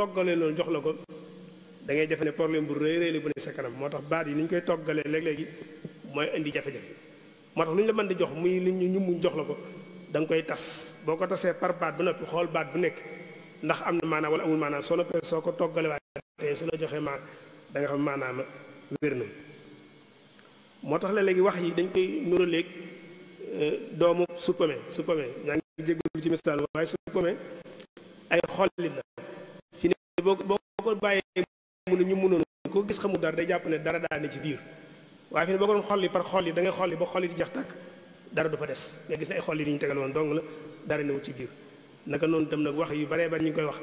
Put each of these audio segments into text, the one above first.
toggalee loolu jox la ko dangay ngay defe ne problème bu rëy rëy sa kanam moo tax baat yi ni koy toggalee léeg-léegi mooy indi jafe-jafe moo tax lu ñu la mën di jox muy li ñu ñummuñ jox la ko danga koy tas boo ko tasee par baat bu noppi xool baat bu nekk ndax am na maanaa wala amul maanaa soo noppee soo ko toggale waatee su la joxee maan da xam maanaam wér na moo tax la léegi wax yi dañ koy nuraleeg euh, doomu suppame suppame ñaa ngi jégalu ci misaal waaye suppame ay xollit la boo boo ko bàyyee mu ne ñu mënoon koo gis xamul dara day jàpp ne dara daa ne ci biir waaye fi ne boo ko xolli par xolli da ngay xolli ba xolli di jeex tàkk dara du fa des nga gis ne ay xolli yi ñu tegal woon dong la dara newu ci biir naka noonu tam nag wax yu baree bari ñu koy wax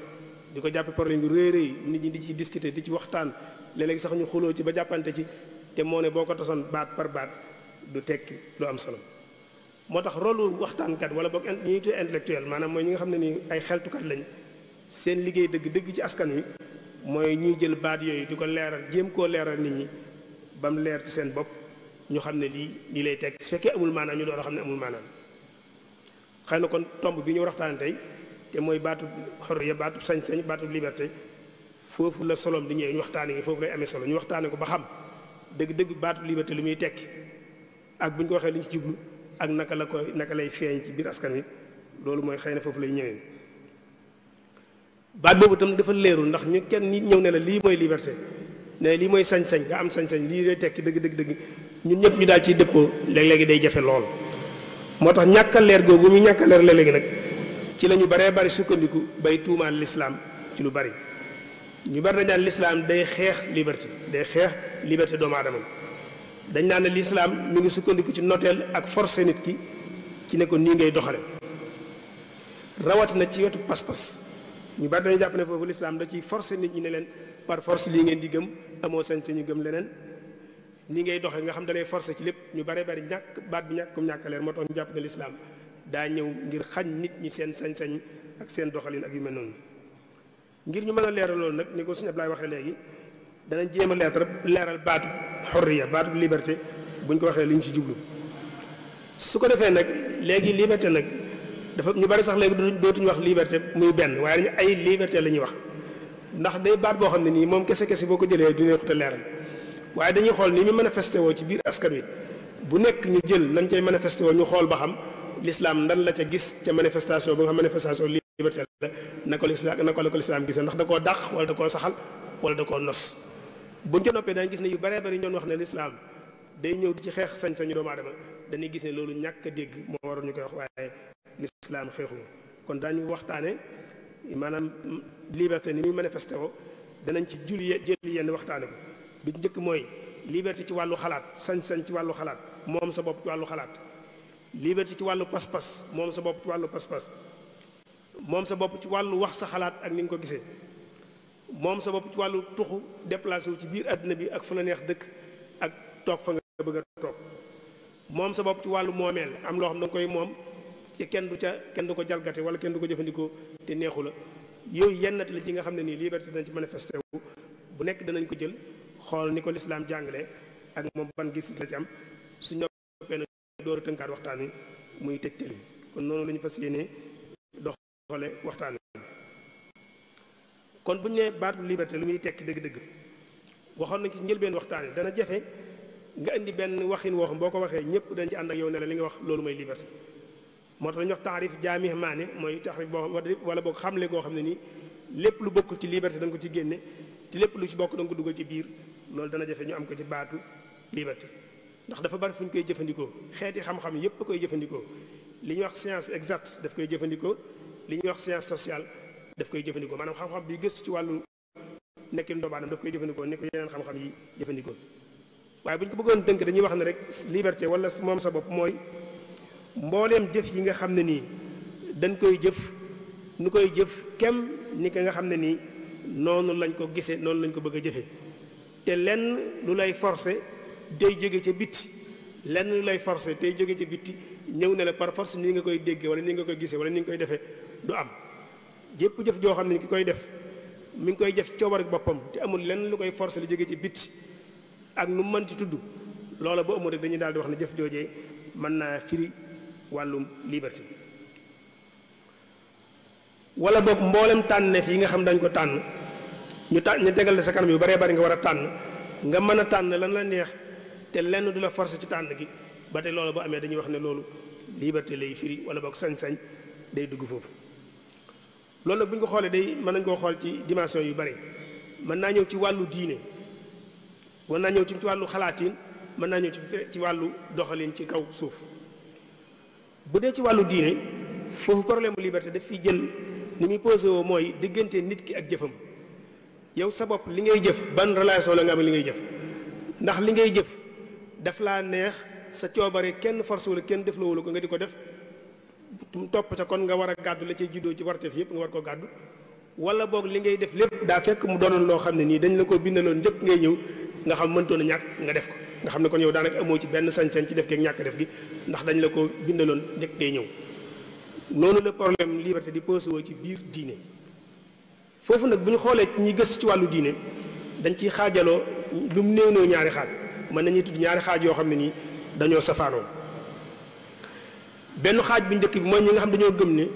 di ko jàppe problème yu réy réy nit ñi di ci discuter di ci waxtaan léeg-léeg ñu xuloo ci ba jàppante ci te moo boo ko tasoon baat par baat du tekki lu am solo moo tax rôle waxtaankat wala boog ñi ñuy tuddee intellectuel maanaam mooy ñi nga xam ne nii ay xeltukat lañ seen liggéey dëgg dëgg ci askan wi mooy ñuy jël baat yooyu di ko leeral jéem koo leeral nit ñi ba mu leer ci seen bopp ñu xam ne lii lii lay tekk su fekkee amul maanaam ñu door a xam ne amul maanaam xëy na kon tomb bi ñu waxtaan tey te mooy baatu xorriya baatu sañ-sañ baatu liberté foofu la solom di ñëwee ñu waxtaanee yi foofu lay amee solo ñu waxtaanee ko ba xam dëgg-dëgg baatu liberté li muy tekki ak bu ñu ko waxee lu ci jublu ak naka la koy naka lay feeñ ci biir askan wi loolu mooy xëy na foofu lay ñëwee. baat boobu tam dafa leerul ndax ñu kenn nit ñëw ne la lii mooy liberté ne lii mooy sañ-sañ nga am sañ-sañ lii lay tekki dëgg dëgg dëgg ñun ñëpp ñu daal ciy dëppoo léeg-léegi day jafe lool. moo tax ñàkk a leer googu ñu ñàkk a leer léeg-léegi nag ci la ñu baree bari sukkandiku bay tuumaal lislaam ci lu bari ñu bari dañ naan lislaam day xeex liberté day xeex liberté doomu aadama dañ daan lislaam mu ngi sukkandiku ci noteel ak forcé nit ki ci ne ko nii ngay doxale rawatina ci wetu pas ñu bari dañu jàpp ne foofu lislaam da ciy forcer nit ñi ne leen par force lii ngeen di gëm amoo sañ sañu gëm leneen ni ngay doxee nga xam dalay forcer ci lépp ñu bare bari ñàkk baat bi ñàkk comme ñàkk leer moo tax ñu jàpp ne lislaam daa ñëw ngir xañ nit ñi seen sañ-sañ ak seen doxalin ak yu mel noonu ngir ñu mën a leeral nag ni ko suñu Ablaay waxee léegi danañ jéem a leeral leeral baatu xorriya baatu bu ñu ko waxee liñ ci jublu su ko defee nag léegi liberté nag dafa ñu bari sax léegi dootuñu wax liberté muy benn waaye dañu ay liberté la wax ndax day baat boo xam ne nii moom kese kese boo ko jëlee du neexut a leeral waaye dañuy xool ni mu manifesté woo ci biir askan wi bu nekk ñu jël nañ cay manifesté woo ñu xool ba xam lislaam ndan la ca gis ca manifestation ba nga xam manifestation liberté la na ko lislaam na ko la ko lislaam ndax da koo dàq wala da koo saxal wala da koo nos buñ ca noppee dañ gis ne yu baree bari ñoon wax ne lislaam day ñëw di ci xeex sañ-sañu doomu aadama dañuy gis ne loolu ñàkk a dégg moo waroon ñu koy wax waaye lislaam xeexu kon daañu waxtaane maanaam liberté ni muy manifesté woo danañ ci jul jël yenn waxtaane ko bi njëkk mooy liberté ci wàllu xalaat sañ-sañ ci wàllu xalaat moom sa bopp ci wàllu xalaat liberté ci wàllu pas-pas moom sa bopp ci wàllu pas moom sa bopp ci wàllu wax sa xalaat ak ni nga ko gisee moom sa bopp ci wàllu tuxu déplacé wu ci biir àddina bi ak fu la neex dëkk ak toog fa nga bëgg a toog moom sa bopp ci wàllu moomeel am loo xam danga koy moom ci kenn du ca kenn du ko jalgate wala kenn du ko jëfandikoo te neexu la yooyu yennati la ci nga xam ne nii liberté danañ ci manifesté wu bu nekk danañ ko jël xool ni ko lislaam jàngale ak moom ban gis la ci am su ñoppee na door waxtaan wi muy tëj kon noonu la fas yéenee waxtaan wi kon bu ñu nee baatu muy tekki dëgg-dëgg waxoon nañ ci njëlbeen waxtaan wi dana jafe nga indi benn waxin woo xam boo ko waxee ñëpp dañ ci ànd ak yow ne li nga wax loolu mooy liberté moo tax dañuy wax taarif jaamih maane mooy taarif boo wala boog xamle goo xam ne nii lépp lu bokk ci liberté da ko ci génne te lépp lu ci bokk da ko dugal ci biir loolu dana jafe ñu am ko ci baatu liberté ndax dafa bari fu ñu koy jëfandikoo xeeti xam-xam yépp koy jëfandikoo li ñu wax science exacte daf koy jëfandikoo li ñuy wax science sociale daf koy jëfandikoo maanaam xam-xam gëstu ci wàllu nekkin doobaanam daf koy jëfandikoo ni ko yi jëfandikoo waaye bu ñu ko bëggoon dënk dañuy wax ne rek liberté wala moom sa bopp mooy mbooleem jëf yi nga xam ne nii dañ koy jëf nu koy jëf kem ni ki nga xam ne nii noonu lañ ko gisee noonu lañ ko bëgg a jëfe te lenn lu lay forcé day jóge ca bitti lenn lay forcé day jóge ca bitti ñëw ne la par force nii nga koy déggee wala nii nga ko gisee wala nii nga koy defee du am jépp jëf joo xam ne ki koy def mu ngi koy jëf coobar boppam te amul lenn lu koy forcé lu jóge ci bitti ak nu mën ci tudd loola bu amul rek dañuy daal di wax ne jëf joojee mën naa firi wàllum liberté wala boog mboolem ne fii nga xam dañ ko tànn ñu tànn ñu tegal la sa kanam yu baree bari nga war a tànn nga mën a tànn lan la neex te lenn du la forcé ci tànn gi ba te loola bu amee dañuy wax ne loolu liberté lay firi wala boog sañ-sañ day dugg foofu loolu nag bu ñu ko xoolee day mën nañ koo xool ci dimension yu bari mën naa ñëw ci wàllu diine war naa ñëw ci wàllu xalaatin mën naa ñëw ci ci wàllu doxalin ci kaw suuf bu dee ci wàllu diine foofu problème liberté daf fiy jël ni muy posé woo mooy diggante nit ki ak jëfam yow sa bopp li ngay jëf ban relation la nga am li ngay jëf ndax li ngay jëf daf laa neex sa coobare kenn force wala kenn def la ko nga di ko def topp ca kon nga war a gàddu la cay juddoo ci a tef yëpp nga war ko gàddu wala boog li ngay def lépp daa fekk mu doonoon loo xam ne nii dañ la ko bindaloon yépp ngay ñëw nga xam mëntoon a ñàkk nga def ko nga xam ne kon yow daanaka amoo ci benn sañ ci def geeg ñàkk def gi ndax dañu la ko bindaloon njëkk ngay ñëw noonu la problème liberté di posé woo ci biir diine foofu nag bu ñu xoolee ñi gëstu ci wàllu diine dañ ciy xaajaloo lu mu néew néew ñaari xaaj mën nañuy tudd ñaari xaaj yoo xam ne nii dañoo safaanoo benn xaaj bu njëkk bi mooy ñi nga xam dañoo gëm ni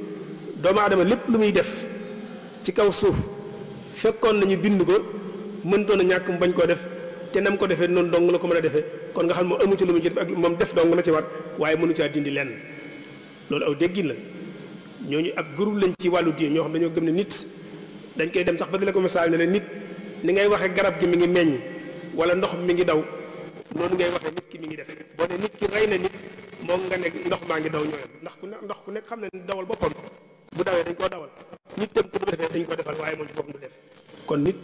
doomu aadama lépp lu muy def ci kaw suuf fekkoon nañu bind ko mëntoon a ñàkk bañ koo def te nam ko defee noonu dong la ko mën a defe kon nga xam moom amu ci lu mu ci def ak def dong la ci war waaye mënu caa dindi lenn loolu aw déggin la ñooñu ak groupe lañ ci wàllu diine ñoo xam dañoo gëm ne nit dañ koy dem sax ba la ko message ne nit ni ngay waxee garab gi mi ngi meññ wala ndox mi ngi daw noonu ngay waxee nit ki mi ngi def boo ne nit ki rey moom nga nekk ndox maa ngi daw ñooyam ndax ku ndox ku nekk xam ne dawal boppam bu dawee dañ koo dawal nit tam ku du defee dañ koo defal waaye moom ci boppam du def kon nit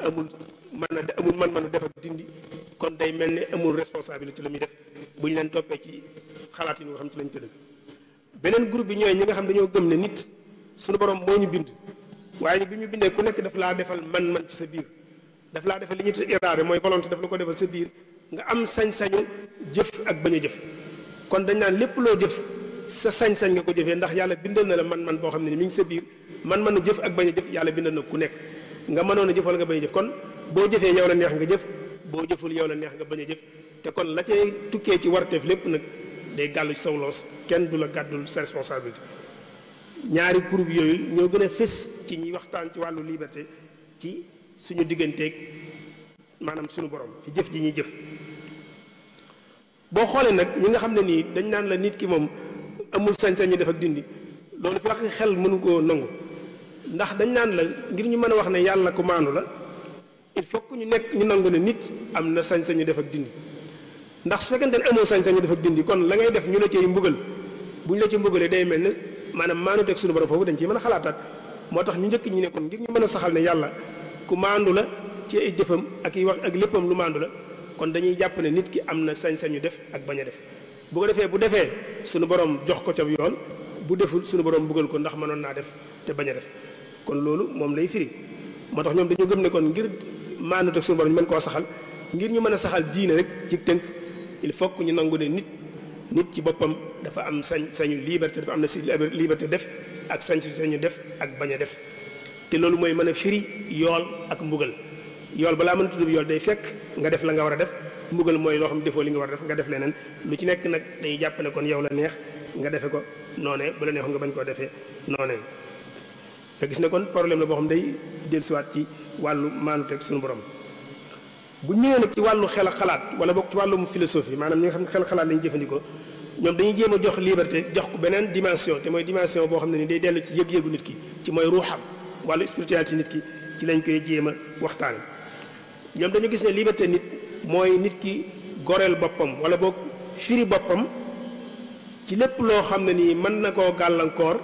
amul mën a amul man mën a def ak dindi kon day mel ni amul ci la muy def bu ñu leen toppee ci xalaat yi nga xam ci lañ tëdd beneen group bi ñooy ñi nga xam dañoo gëm ne nit suñu borom moo ñu bind waaye bi ñu bindee ku nekk daf laa defal man-man sa biir daf laa defal li ñuy tudd iraade mooy volonté daf la ko defal sa biir nga am sañ-sañu jëf ak bañ a kon dañ naan lépp loo jëf sa sañ-sañ nga ko jëfee ndax yàlla bindal na la man-man boo xam ne ni mi ngi sa biir man-manu jëf ak bañ a jëf yàlla bindal na ku nekk nga mënoon a jëf wala nga bañ a jëf kon boo jëfee yow la neex nga jëf boo jëful yow la neex nga bañ a jëf te kon la cay tukkee ci warteef lépp nag day gàll ci saw loos kenn du la gàddul sa responsabilité ñaari groupe yooyu ñoo gën a fés ci ñuy waxtaan ci wàllu liberté ci suñu digganteeg maanaam suñu borom ci jëf ji ñuy jëf boo xoolee nag ñi nga xam ne nii dañ naan la nit ki moom amul sañ-sañ ñu def ak dindi loolu fi wax xel mënu koo nangu ndax dañ naan la ngir ñu mën a wax ne yàlla ku maanu la il faut que ñu nekk ñu nangu ne nit am na sañ ñu def ak dindi ndax su fekkente ne amoo sañ ñu def ak dindi kon la ngay def ñu la cay mbugal bu ñu la ci mbugalee day mel ne maanaam maanu teg suñu borom foofu dañ ciy mën a xalaataat moo tax ñu njëkk ñi ne kon ngir ñu mën a saxal ne yàlla ku maandu la ci ay jëfam ak i wax ak léppam lu maandu la kon dañuy jàpp ne nit ki am na sañ sañ ñu def ak bañ a def bu ko defee bu defee sunu borom jox ko ca yoon bu deful suñu borom mbugal ko ndax mënoon naa def te bañ a def kon loolu moom lay firi maanut ak suñu borom ñu mën koo saxal ngir ñu mën a saxal diine rek ci tënk il faut ñu nangu ne nit nit ci boppam dafa am sañ sañu liberté dafa am na si liberté def ak sañ sañu def ak bañ def te loolu mooy mën a firi yool ak mbugal yool balaa mën a tudd yool day fekk nga def la nga war a def mbugal mooy loo xam defoo li nga war a def nga def leneen lu ci nekk nag day jàpp kon yow la neex nga defe ko noonee bala neex neexoon nga bañ koo defee noonee nga gis ne kon problème la boo xam day dellusiwaat ci wàllu maanute ak suñu borom bu ñëwee nag ci wàllu xel xalaat wala boog ci wàllum philosophie maanaam ñi nga xam ne xel xalaat la jëfandikoo ñoom dañu jéem a jox liberté jox ko beneen dimension te mooy dimension boo xam ne ni day dellu ci yëg-yëgu nit ki ci mooy ruuxam wàllu spiritualité nit ki ci lañ koy jéem a waxtaane ñoom dañu gis ne liberté nit mooy nit ki goreel boppam wala boog firi boppam ci lépp loo xam ne nii mën na koo gàllankoor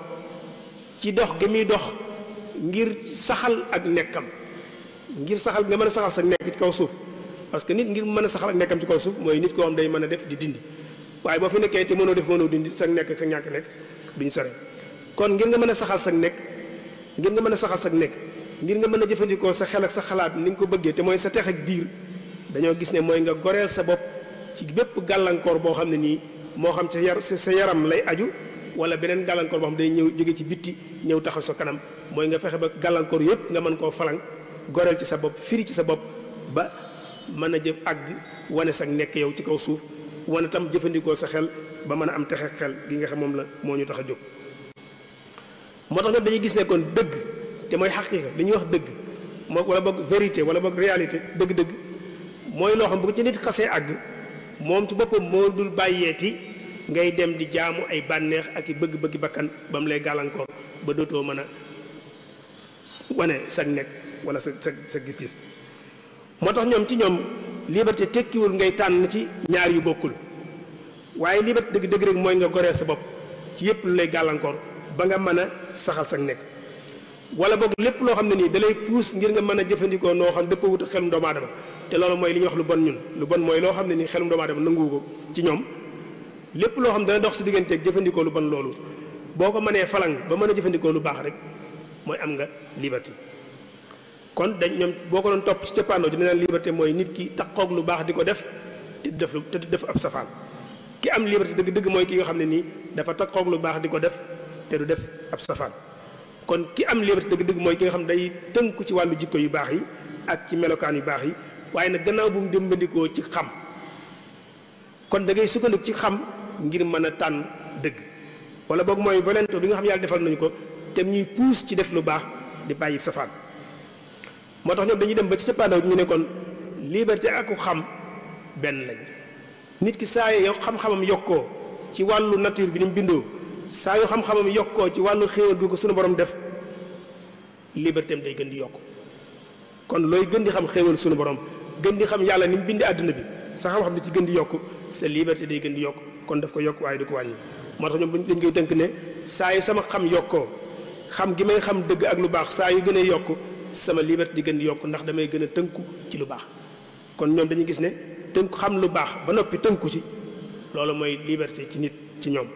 ci dox gi dox ngir saxal ak nekkam ngir saxal nga mën a saxal sa nekk ci kaw suuf parce que nit ngir mën a saxal ak nekkam ci kaw suuf mooy nit koo xam day mën a def di dindi waaye boo fi nekkee te mënoo def mënoo dindi sa nekk ak sa ñàkk nekk duñ kon ngir nga mën a saxal sa nekk ngir nga mën a saxal sa nekk ngir nga mën a jëfandikoo sa xel ak sa xalaat ni nga ko bëggee te mooy sa tex ak biir dañoo gis ne mooy nga goreel sa bopp ci bépp gàllankoor boo xam ne nii moo xam sa yar sa yaram lay aju wala beneen gàllankoor boo xam day ñëw jóge ci bitti ñëw taxaw sa kanam mooy nga fexe ba gàllankoor yëpp nga mën koo falang goreel ci sa bopp firi ci sa bopp ba mën a jëf àgg wane sax nekk yow ci kaw suuf wane tam jëfandikoo sa xel ba mën a am texe xel gi nga xam moom la moo ñu tax a jóg moo tax nag dañuy gis ne kon dëgg te mooy xaqiqa li ñuy wax dëgg moo wala boog vérité wala boog réalité dëgg-dëgg mooy loo xam bu ci nit xasee àgg moom ci boppam moo dul bàyyeeti ngay dem di jaamu ay bànneex ak i bëgg-bëggi bakkan ba mu lay gàllankoor ba dootoo mën a wane sax nekk wala sa sa sa gis-gis moo tax ñoom ci ñoom liberté tekkiwul ngay tànn ci ñaar yu bokkul waaye liberté dëgg dëgg rek mooy nga goreel sa bopp ci yépp lu lay gàllankoor ba nga mën a saxal sa nekk wala boog lépp loo xam ne nii dalay lay puus ngir nga mën a jëfandikoo noo xam dëpp wut xelum doomu aadama te loolu mooy li ñu wax lu bon ñun lu bon mooy loo xam ne nii xelum doomu aadama nanguwu ko ci ñoom lépp loo xam dana dox si digganteeg jëfandikoo lu bon loolu boo ko mënee falang ba mën a jëfandikoo lu baax mooy am nga liberté kon dañ ñoom boo ko doon topp ci cëppaandoo ci dina liberté mooy nit ki taqoog lu baax di ko def def lu te def ab safaan ki am liberté dëgg dëgg mooy ki nga xam ne nii dafa taqoog lu baax di ko def te du def ab safaan kon ki am liberté dëgg dëgg mooy ki nga xam ne day tënku ci wàllu jikko yu baax yi ak ci melokaan yu baax yi waaye nag gannaaw bu mu dëmbandikoo ci xam kon dangay ngay ci xam ngir mën a tànn dëgg wala boog mooy volonté bi nga xam yàlla defal nañu ko te ñuy puus ci def lu baax di bàyyi safaan moo tax ñoom dañuy dem ba ci cappaandaw ñu ne kon liberté ak xam benn lañ nit ki saa yoo xam yokkoo ci wàllu nature bi ni mu saa yoo xam-xamam yokkoo ci wàllu xéewal gi suñu borom def liberté day gën di yokk kon looy gën di xam xéewal suñu borom gën di xam yàlla ni mu bindi àdduna bi sa xam-xam ci gën di yokk sa liberté day gën di yokk kon daf ko yokk waaye du ko wàññi moo tax ñoom dañ koy tënk ne saa sama xam yokkoo xam gi may xam dëgg ak lu baax saa yi gën a yokk sama liberté di gën di yokk ndax damay gën a tënku ci lu baax kon ñoom dañu gis ne tënku xam lu baax ba noppi tënku ci loolu mooy liberté ci nit ci ñoom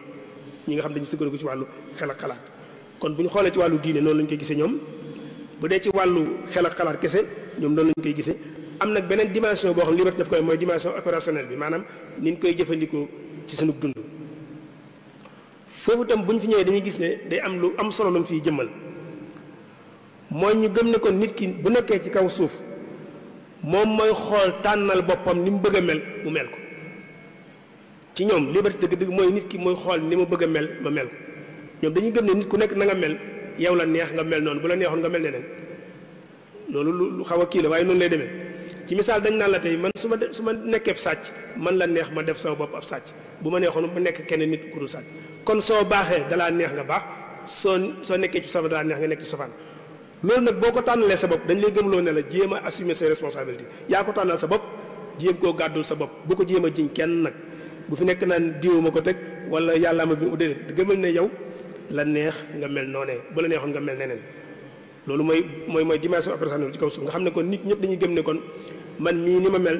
ñi nga xam dañu sukkandiku ci wàllu xel xalaat kon bu ñu xoolee ci wàllu diine noonu lañ koy gisee ñoom bu dee ci wàllu xel ak xalaat kese ñoom noonu lañ koy gisee am nag beneen dimension boo xam liberté daf koy mooy dimension opérationnelle bi maanaam ni ñu koy jëfandikoo ci sunu dund foofu tam bu ñu fi ñëwee dañuy gis ne day am lu am solo lu fiy jëmmal mooy ñu gëm ne kon nit ki bu nekkee ci kaw suuf moom mooy xool tànnal boppam ni mu bëgg a mel mu mel ko ci ñoom liberté dëgg-dëgg mooy nit ki mooy xool ni mu bëgg a mel ma mel ko ñoom dañu gëm ne nit ku nekk na nga mel yow la neex nga mel noonu bu la neexoon nga mel ne nen loolu lu xaw a kii la waaye noonu lay demee ci misaal dañ naan la tey man su ma su ma nekkee sàcc man la neex ma def sama bopp ab sàcc bu ma neexoon ma nekk kenn nit ku sàcc kon soo baaxee dalaa neex nga baax soo soo nekkee ci safaan dalaa neex nga nekk ci loolu nag boo ko tànnalee sa bopp dañ lay gëmloo ne la jéem a assumer ses responsabilités yaa ko tànnal sa bopp jéem koo gàddul sa bopp boo ko jéem a jiñ kenn nag fi nekk naan diw ma ko teg wala yàllaa ma bi gëmal ne yow la neex nga mel noonee bu la neexoon nga mel neneen loolu mooy mooy mooy dimension opérationnelle ci kaw suuf nga xam ne kon nit ñëpp dañuy gëm ne kon man mii ni ma mel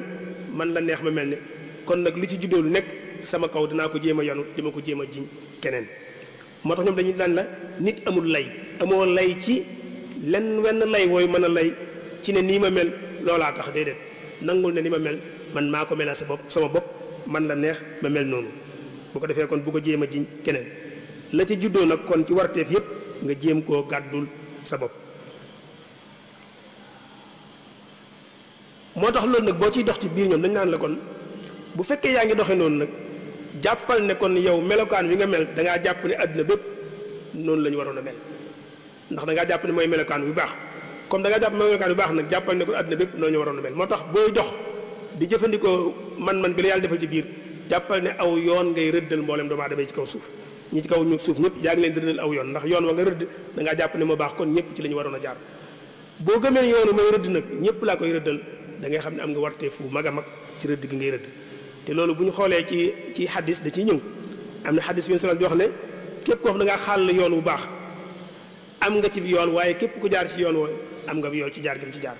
man la neex ma mel ne kon nag li ci juddoo lu nekk sama kaw ko jéem a yanu dama ko jéem a jiñ keneen moo tax ñoom dañuy daan la nit amul lay amoo lay ci lenn wenn lay wooyu mën a lay ci ne nii ma mel loolaa tax déedéet nangul ne ni ma mel man maa ko melal sa bopp sama bopp man la neex ma mel noonu bu ko defee kon bu ko jéem a jiñ keneen la ci juddoo nag kon ci warteef yépp nga jéem koo gàddul sa bopp moo tax loolu nag boo ciy dox ci biir ñoom dañ naan la kon bu fekkee yaa ngi doxe noonu nag jàppal ne kon yow melokaan wi nga mel dangaa jàpp ne àdduna bépp noonu lañu waroon a mel ndax da ngaa jàpp ne mooy melokaan bu baax comme da ngaa jàpp melokaan bu baax nag jàppal ne ko àddina bépp noonu ñu waroon mel moo tax booy dox di jëfandikoo man-man bi la yàlla defal ci biir jàppal ne aw yoon ngay rëddal mboolem doomu aadama ci kaw suuf ñi ci kaw ñu suuf ñëpp yaa ngi leen di rëddal aw yoon ndax yoon wa nga rëdd da ngaa jàpp ne moo baax kon ñëpp ci la ñu waroon a jaar boo gëmee yoonu may rëdd nag ñëpp laa koy rëddal da ngay xam ne am nga wartee fu mag a mag ci rëdd gi ngay rëdd te loolu bu ñu xoolee ci ci xadis da ciy ñëw am na xadis bi sallallahu alayhi wasallam di wax ne képp koo xam da ngaa xàll yoon wu baax am nga ci bi yoon waaye képp ku jaar ci yoon woowu am nga bi yoon ci jaar gi mu ci jaar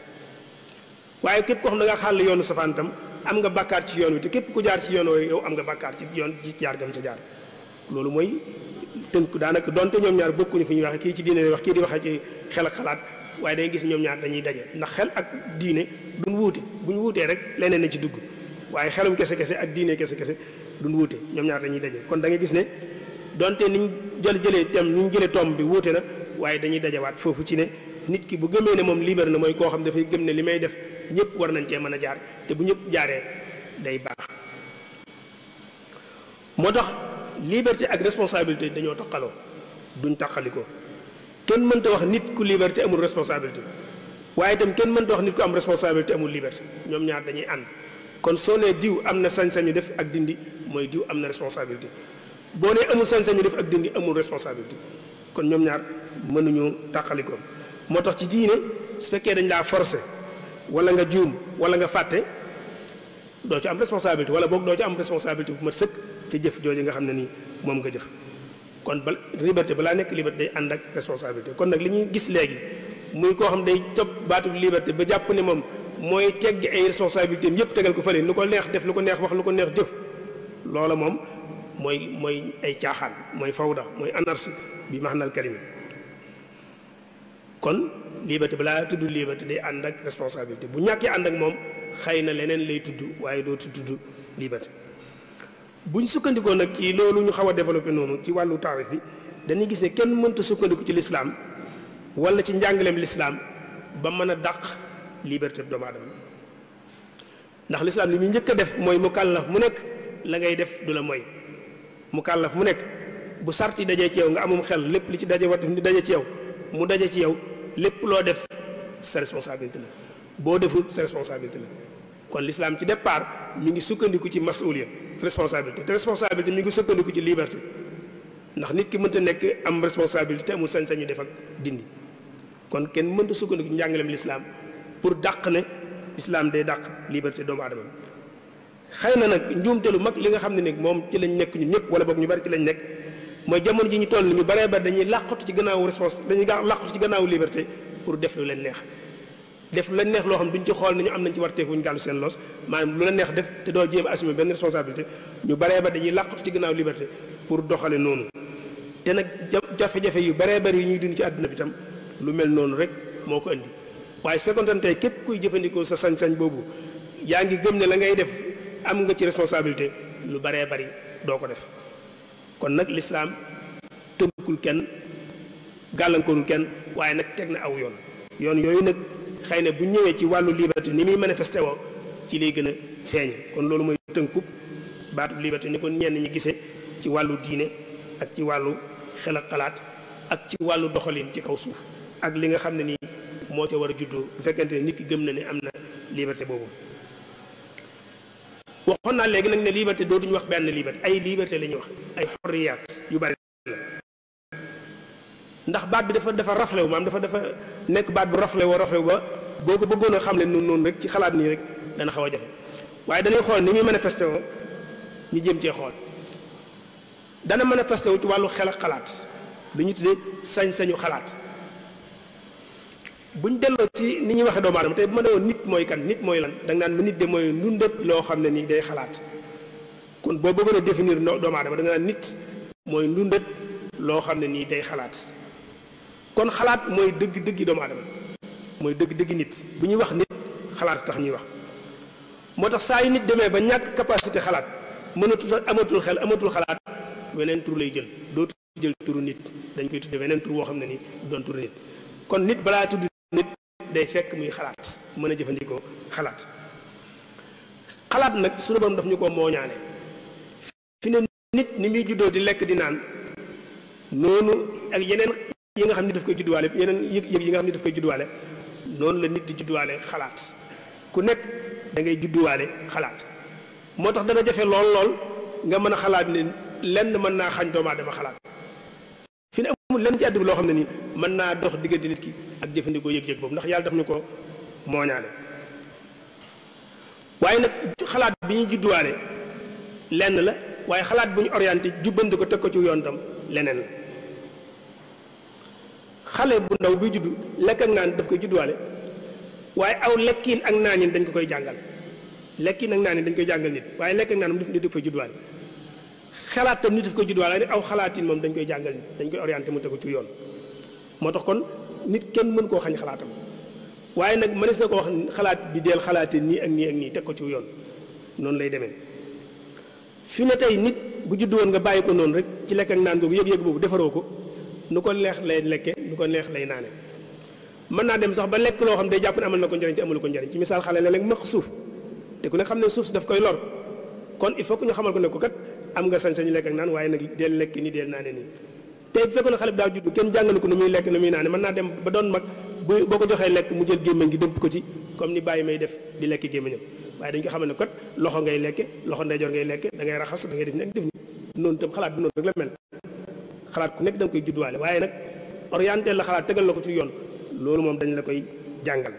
waaye képp koo xam ne yoonu safaan tam am nga bàkkaar ci yoon wi te képp ku jaar ci yoon woowu yow am nga bàkkaar ci yoon ci jaar gam ca jaar loolu mooy tënk daanaka donte ñoom ñaar bokkuñu fi ñuy waxe kii ci diine lay kii di waxee ci xel xalaat waaye dañuy gis ñoom ñaar dañuy daje ndax xel ak diine duñ wuute buñ wuutee rek leneen na ci dugg waaye xelum kese kese ak diine kese kese duñ wuute ñoom ñaar dañuy daje kon da nga gis ne donte niñ jël jëlee tam niñ jëlee tomb bi wuute na waaye dañuy dajawaat foofu ci ne nit ki bu gëmee ne moom libre na mooy koo xam dafay gëm ne li may def ñëpp war nañ cee mën a jaar te bu ñëpp jaaree day baax moo tax liberté ak responsabilité dañoo taqaloo duñ ko kenn mënta wax nit ku liberté amul responsabilité waaye itam kenn mënta wax nit ku am responsabilité amul liberté ñoom ñaar dañuy ànd kon soo nee diw am na sañ-sañu def ak dindi mooy diw am na responsabilité boo nee amul sañ-sañu def ak dindi amul responsabilité kon ñoom mënuñu tàqalikoo moo tax ci diine su fekkee dañ laa forcé wala nga juum wala nga fàtte doo ci am responsabilité wala boog doo ci am responsabilité bu ma sëkk ci jëf jooju nga xam ne nii moom nga jëf kon ba liberté balaa nekk liberté day ànd ak responsabilité kon nag li ñuy gis léegi muy koo xam day topp baatu liberté ba jàpp ne moom mooy tegg ay responsabilité yëpp tegal ko fële nu ko neex def lu ko neex wax lu ko neex jëf loola moom mooy mooy ay caaxaan mooy fawda mooy anarchie bi maanaam kalimi kon liberté balaa tudd liberté day ànd ak responsabilité bu ñàkkee ànd ak moom xëy na leneen lay tudd waaye doo tudd liberté bu ñu sukkandikoo nag ci loolu ñu xaw a développé noonu ci wàllu taarif bi dañuy gisee kenn mënta sukkandiku ci lislaam wala ci njàngaleem lislaam ba mën a dàq liberté bi doomu aadama ndax lislaam li muy njëkk a def mooy mu kàllaf mu nekk la ngay def du la mooy mu kàllaf mu nekk bu sart yi dajee ci yow nga amum xel lépp li ci daje wat li daje ci yow mu daje ci yow lépp loo def sa responsabilité la boo deful sa responsabilité la kon l'islam ci départ ñu ngi sukkandiku ci masuliya responsabilité te responsabilité mi ngi sukkandiku ci liberté ndax nit ki mënta nekk am responsabilité amul sañ-sañu def ak dindi kon kenn mënta sukkandiku ci njàngaleem l'islam pour dàq ne islam day dàq liberté doomu aadama xëy na nag njuumte lu mag li nga xam ne nag moom ci lañ nekk ñu ñëpp wala boog ñu bari ci lañ nekk mooy jamono ji ñu toll ñu baree bari dañuy làqatu ci gannaaw respons dañuy làqatu ci gannaaw liberté pour def lu leen neex def lu leen neex loo xam ñu ci xool ñu am nañ ci warteeku ñu gàllu seen loos maanaam lu la neex def te doo jéem assumer benn responsabilité ñu baree bari dañuy làqatu ci gannaaw liberté pour doxale noonu te nag jafe-jafe yu baree bari yu ñuy dund ci àdduna bi tam lu mel noonu rek moo ko indi waaye su fekkoon képp kuy jëfandikoo sa sañ-sañ boobu yaa ngi gëm ne la ngay def am nga ci responsabilité lu baree bari doo ko def kon nag lislaam tënkul kenn gàllankoorul kenn waaye nag teg na aw yoon yoon yooyu nag xëy na bu ñëwee ci wàllu liberté ni muy manifesté woo ci lay gën a feeñe kon loolu mooy tënkub baatub liberté ni ko ñenn ñi gise ci wàllu diine ak ci wàllu xel ak xalaat ak ci wàllu doxalin ci kaw suuf ak li nga xam ne nii moo ca war a juddoo bu fekkente ne nit ki gëm na ne am na liberté boobu waxoon naa léegi nag ne liberté dootuñu wax benn liberté ay liberté la ñuy wax ay xorriyaat yu bari la ndax baat bi dafa dafa rafle wu maam dafa dafa nekk baat bu rafle woo rafle wu ba boo ko bëggoon a xam le noonu noonu rek ci xalaat nii rek dana xaw a jafe waaye dañuy xool ni muy manifesté woo ñu jëm cee xool dana manifesté wu ci wàllu xel ak xalaat lu ñu tuddee sañ-sañu xalaat buñ delloo ci ni ñuy waxee doomu aadama tey bu ma ne woon nit mooy kan nit mooy lan danga naan ma nit de mooy ndundat loo xam ne nii day xalaat kon boo bëggoon a définir doomu da nga naan nit mooy ndundat loo xam ne nii day xalaat kon xalaat mooy dëgg dëggi doomu aadama mooy dëgg dëggi nit bu ñuy wax nit xalaat tax ñuy wax moo tax saa yu nit demee ba ñàkk capacité xalaat mënatu amatul xel amatul xalaat weneen tur lay jël dootu jël turu nit dañ koy tudde weneen tur woo xam ne nii doon turu nit kon nit balaa tudd nit day fekk muy xalaat mën a jëfandikoo xalaat xalaat nag suñu borom daf ñu ko mooñaane fi ne nit ni muy juddoo di lekk di naan noonu ak yeneen yi nga xam ne daf koy judduwaale yeneen yi nga xam ne daf koy judduwaale noonu la nit di judduwaale xalaat ku nekk dangay ngay judduwaale xalaat moo tax dana jafe lool lool nga mën a xalaat ne lenn mën naa xañ doomu aadama xalaat fi ne amul lenn ci àdduna loo xam ne nii mën naa dox diggante nit ki ak jëfandikoo yëg-yëg boobu ndax yàlla daf ñu ko mooñaale waaye nag xalaat bi ñu judduwaale lenn la waaye xalaat bu ñu orienté jubbanti ko teg ko ci yoon tam leneen la xale bu ndaw buy juddu lekk ak naan daf koy judduwaale waaye aw lekkiin ak naanin dañ ko koy jàngal lekkiin ak naanin dañ koy jàngal nit waaye lekk ak naan moom nit daf koy judduwaale xalaat tam nit daf koy judduwaale aw xalaatin moom dañ koy jàngal nit dañ koy orienté mu tegu ci yoon moo nit kenn mën koo xañ xalaatam waaye nag mënees na ko wax xalaat bi deel xalaate nii ak nii ak nii teg ko ci yoon noonu lay demee fi ne tey nit bu juddu woon nga bàyyi ko noonu rek ci lekk naan googu yëg-yëg boobu defaroo ko nu ko leex lay lekke nu ko leex lay naane mën naa dem sax ba lekk loo xam day jàpp ne amal na ko njëriñ te amalu ko njëriñ ci misaal xale la léeg maq suuf te ku ne xam ne suuf si daf koy lor kon il faut ñu xamal ko ne ko kat am nga sañ-sañu lekk naan waaye nag del lekk nii deel naane nii tey bu fekkoon ne xale bi daa judd kenn jàngale ko nu muy lekk nu muy naane mën naa dem ba doon mag bu boo ko joxee lekk mu jël gémmiñ gi dëmp ko ci comme ni bàyyi may def di lekk gémmiñam waaye dañ ko xam ne kot loxo ngay lekke loxo ndeyjoor ngay lekke da ngay raxas da ngay def ni ak def ni noonu tam xalaat bi noonu rek la mel xalaat ku nekk da koy juddwaale waaye nag orienté la xalaat tegal la ko ci yoon loolu moom dañ la koy jàngal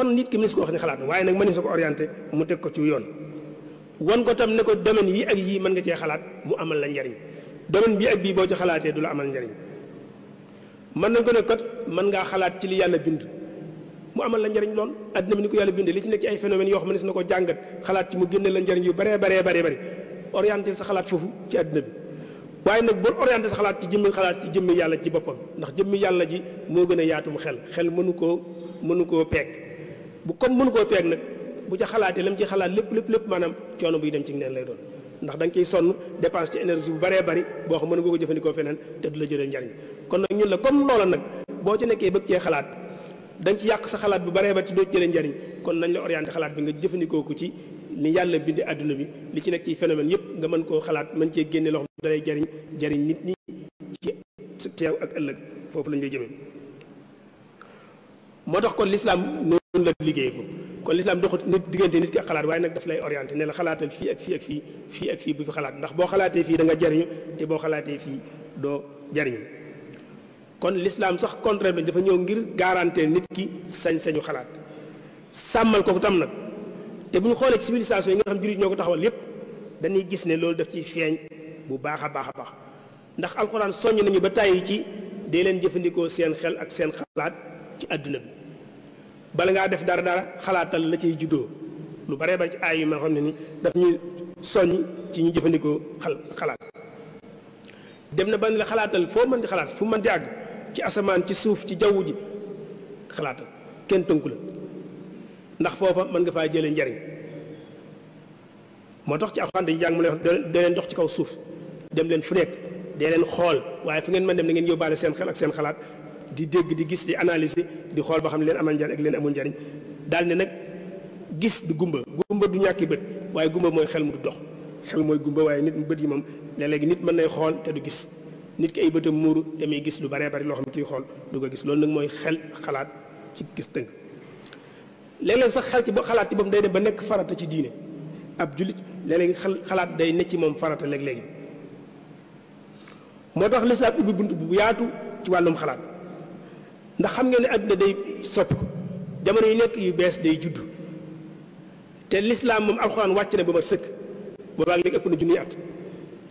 nit ki mënees koo ne xalaat waaye nag mënees ko orienté mu teg ko ci yoon wan ko tam ne ko domaine yi ak yii mën nga cee xalaat mu amal la njariñ domaine bii ak bii boo ci xalaatee du la amal njariñ mën nañ ko ne kat mën ngaa xalaat ci li yàlla bind mu amal la njariñ lool àddina bi ni ko yàlla bind li ci nekk ci ay phénomènes yoo xam ne si na ko jàngat xalaat ci mu génne la njariñ yu baree baree bare bëri orienté sa xalaat foofu ci àddina bi waaye nag bul orienté sa xalaat ci jëmmi xalaat ci jëmmi yàlla ci boppam ndax jëmmi yàlla ji moo gën a yaatum xel xel mënu koo mënu koo peeg bu comme mënu koo peeg nag bu ca xalaatee lam ci xalaat lépp lépp lépp maanaam coono buy dem ci neen lay doon ndax da nga ciy sonn dépense ci énergie bu bëree boo xam mën nga ko jëfandikoo feneen te du la jëlee njariñ kon nag ñun la comme nag boo ci nekkee bëgg cee xalaat da ci yàq sa xalaat bu bëree bëri te doo jëlee njariñ kon nañ la orienté xalaat bi nga jëfandikoo ko ci ni yàlla bindi àdduna bi li ci nekk ci phénomène yëpp nga mën koo xalaat mën cee génne loo xam ne dalay jariñ jariñ nit ñi ci teew ak ëllëg foofu la ñuy jëmee moo tax kon lislaam noonu la liggéey foofu kon lislaam doxut nit diggante nit ki ak xalaat waaye nag daf lay orienté ne la xalaatal fii ak ak fii fii fii bu fi xalaat ndax boo xalaatee fii da nga jariñu te boo xalaatee fii doo jariñu kon lislaam sax contraire bi dafa ñëw ngir garantir nit ki sañ-sañu xalaat sàmmal ko tam nag te bu ñu xoolee civilisation yi nga xam jurit ñoo ko taxawal yépp dañuy gis ne loolu daf ci feeñ bu baax a baax a baax ndax alxuraan soññ nañu ba tàyyi ci dee leen jëfandikoo seen xel ak seen xalaat ci àdduna bi bala ngaa def dara dara xalaatal la ciy juddoo lu bare ba ci aay yi ma xam ne ni daf ñu soññ ci ñu jëfandikoo xal xalaat dem na ban la xalaatal foo mën di xalaat fu mën di àgg ci asamaan ci suuf ci jaww ji xalaatal kenn tënku la ndax foofa mën nga faa jële njariñ moo tax ci alxuraan dañu jàng mu lay wax dee leen dox ci kaw suuf dem leen fu nekk dee leen xool waaye fu ngeen mën dem na ngeen yóbbaale seen xel ak seen xalaat di dégg di gis di analyser di xool ba xam leen amal njariñ ak leen amul njariñ daal ne nag gis du gumba gumba du ñàkki bët waaye gumba mooy xel mu du dox xel mooy gumba waaye nit mu bët yi moom léeg-léegi nit mën nay xool te du gis nit ki ay bëtam muuru damay gis lu baree bari loo xam ne ciy xool du ko gis loolu nag mooy xel xalaat ci gis tënk sax xel ci bo xalaat ci boppam day dem ba nekk farata ci diine ab jullit léeg-léegi xalaat day ne ci moom farata léeg-léegi moo tax lislaam ubbi bunt bu yaatu ci wàllum xalaat ndax xam ngeen ne àdduna day soppi ko jamono yi nekk yu bees day judd te lislaam moom alxuraan wàcc na ba ma sëkk boobaag léegi ëpp na junniy at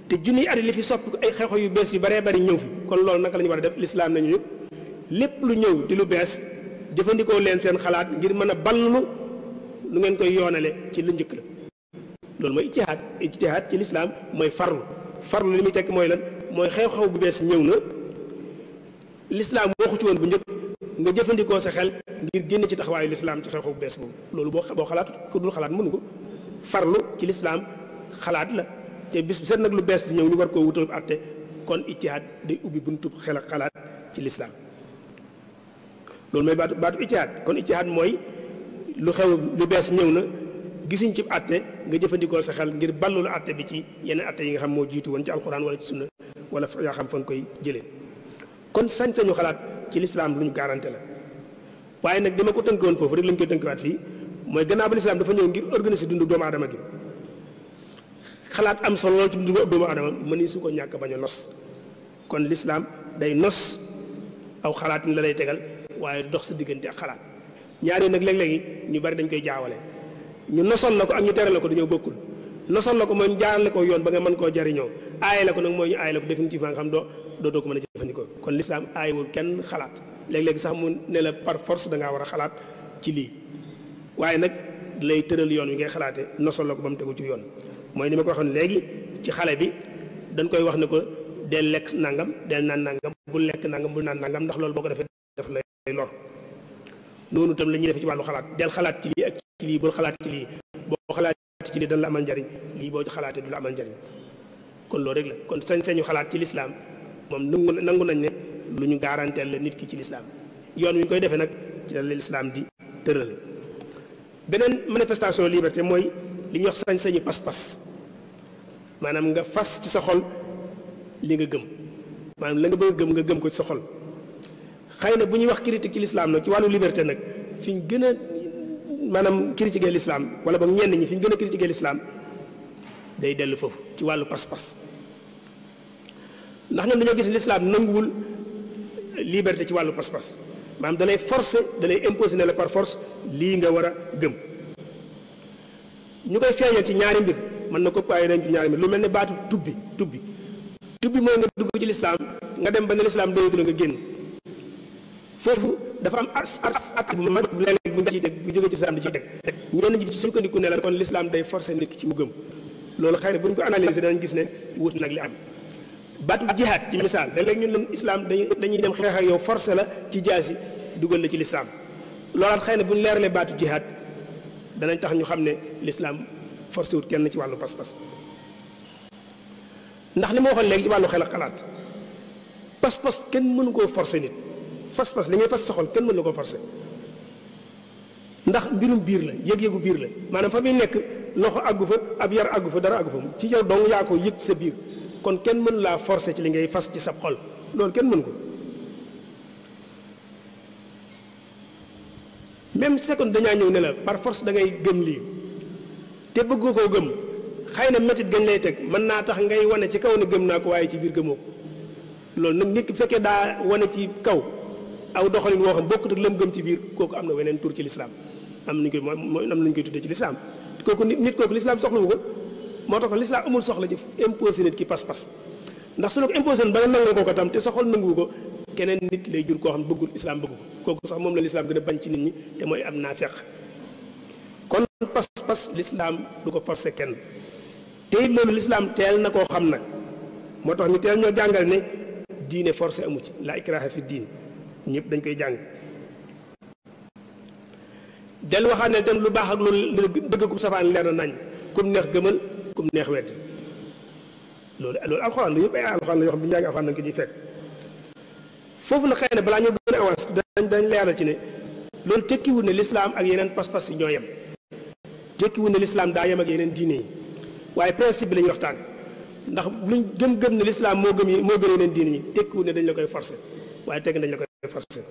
te junniy at li fi soppi ko ay xew-xew yu bees yu baree bari ñëw fi kon loolu naka lañu war a def lislaam nañu lépp lu ñëw di lu bees jëfandikoo leen seen xalaat ngir mën a ballu lu ngeen koy yoonale ci lu njëkk la loolu mooy ijtihaad ijtihaad ci lislaam mooy farlu farlu li muy tekk mooy lan mooy xew-xew bu bees ñëw na lislaam nga jëfandikoo sa xel ngir génn ci taxawaayu lislaam ci xew-xew bees boobu loolu boo boo xalaat ku dul xalaat mënu ko farlu ci lislaam xalaat la te bis seet nag lu bees di ñëw ñu war koo wutal atte kon ictihaad day ubbi buntub xel xalaat ci lislaam loolu mooy baatu baatu ictihaad kon ictihaad mooy lu xew lu bees ñëw na gisuñ ci atte nga jëfandikoo sa xel ngir ballul atte bi ci yenn atte yi nga xam moo jiitu woon ci alxuraan wala ci sunna wala yaa xam fa koy jëlee kon sañ xalaat ci lislaam lu ñu garanté la waaye nag dama ko tënk foofu rek lañ koy tënkiwaat fii mooy gannaaw ba lislaam dafa ñëw ngir organiser dundu doomu aadama gi xalaat am solo lool ci dundu doomu aadama mëni su ko ñàkk bañ nos kon lislaam day nos aw xalaat ni la lay tegal waaye dox sa diggante ak xalaat ñaari nag léeg-léegi ñu bari dañ koy jaawale ñu nosoon na ko ak ñu tere la ko dañoo bokkul nosal la ko mooy jaaral la ko yoon ba nga mën koo jariñoo aaye la ko nag mooy ñu aaye la ko définitivement nga xam doo doo doo ko mën a kenn xalaat léeg-léeg sax mu ne la par force da ngaa a xalaat ci lii waaye nag lay tëral yoon wi ngay xalaate nosal la ci yoon mooy ni ma ko waxoon léegi ci xale bi dañ koy wax ne ko del lekk nangam del naan nangam bul lekk nangam bul naan nangam ndax loolu boo ko defee def lay lor noonu tam la ñuy def ci wàllu xalaat del xalaat ci lii ak ci lii bul xalaat ci lii boo xalaat ci lii dana la amal njariñ lii boo xalaatee du la amal njariñ kon loo rek la kon sañ-sañu xalaat ci lislaam moom nangu nangu nañ ne lu ñu garanteel la nit ki ci lislaam yoon wi ñu koy defee nag ci la lislaam di tëral beneen manifestation liberté mooy li ñuy wax sañ-sañu pas-pas maanaam nga fas ci sa xol li nga gëm maanaam la nga bëgg gëm nga gëm ko ci sa xol xëy na bu ñuy wax critique ci lislaam nag ci wàllu liberté nag fi ñu gën maanaam critiquer l'islam wala boog ñenn ñi fi ñu gën a critiquer l'islam day dellu foofu ci wàllu pas-pas ndax ñoom dañoo gis l'islam nanguwul liberté ci wàllu pas-pas maanaam dalay forcer dalay imposer ne la par force lii nga war a gëm ñu koy feeñal ci ñaari mbir mën na ko waaye dañ ci ñaari mbir lu mel ne baatu tubbi tubbi tubbi mooy nga dugg ci lislaam nga dem ba ne lislaam doyatu la nga génn foofu dafa am at bu mag bu léeg bu nga ciy teg bu ci lislaam di ciy teg ñenn ñi ci ne la kon lislaam day forcé nit mu loolu xëy na bu ñu ko analyser danañ gis ne wut nag li am baatu jihaad ci misaal léeg-léeg ñun leen islam dañuy dem xeex ak yow forcé la ci jaasi dugal la ci lislaam loolaat xëy na bu ñu leeralee baatu jihaad danañ tax ñu xam ne lislaam forcé wut kenn ci wàllu pas-pas ndax li ma waxoon léegi ci wàllu xel ak xalaat pas-pas kenn mënu koo forcé nit fas-fas li ngay fas sa kenn mën na ko forcer ndax mbirum biir la yëg-yëgu biir la maanaam fa muy nekk loxo àggu fa ab yar àggu fa dara àggu fa ci yow dong yaa ko yëg sa biir kon kenn mën laa forcer ci li ngay fas ci sa xol loolu kenn mën ko même su dañaa ñëw ne par force da ngay gëm lii te bëggoo koo gëm xëy na métit gañ lay teg mën naa tax ngay wane ci kaw ne gëm naa ko waaye ci biir gëmoo loolu nag nit ki fekkee daa wane ci kaw aw doxalin woo xam bokkut ak lëm gëm ci biir kooku am na weneen tur ci lislaam am nañu koy mooy am nañu koy tuddee ci lislaam kooku nit nit kooku lislaam soxlawu ko moo tax amul soxla ci imposé nit ki pas-pas ndax su la ko imposé ba nga nangoo ko ko tam te ko keneen nit lay jur koo xam bëggul islaam bëgg ko kooku sax moom la lislaam gën a bañ ci nit ñi te mooy am naa feq kon pas-pas lislaam du ko forcé kenn te it loolu lislaam teel na koo xam nag moo tax ñu teel ñoo jàngal ne diine forcé amu ci la ikraha fi diin ñëpp dañ koy jàng del waxaat ne dem lu baax ak loolu dëgg kum safaan leer na nañ kum neex gëmal kum neex wedd loolu loolu alxuraan la yëpp ay alxuraan la yoo xam bi njàng alxuraan dañ ko ciy fekk foofu na xëy na balaa ñoo gën a avance dañ dañ leeral ci ne loolu tekkiwul ne lislaam ak yeneen pas-pas yi ñoo yem tekkiwul ne lislaam daa yem ak yeneen diine yi waaye principe bi la waxtaan ndax lu gëm-gëm ne lislaam moo gëm moo gën yeneen diine yi tekkiwul ne dañ la koy dañ la koy defar set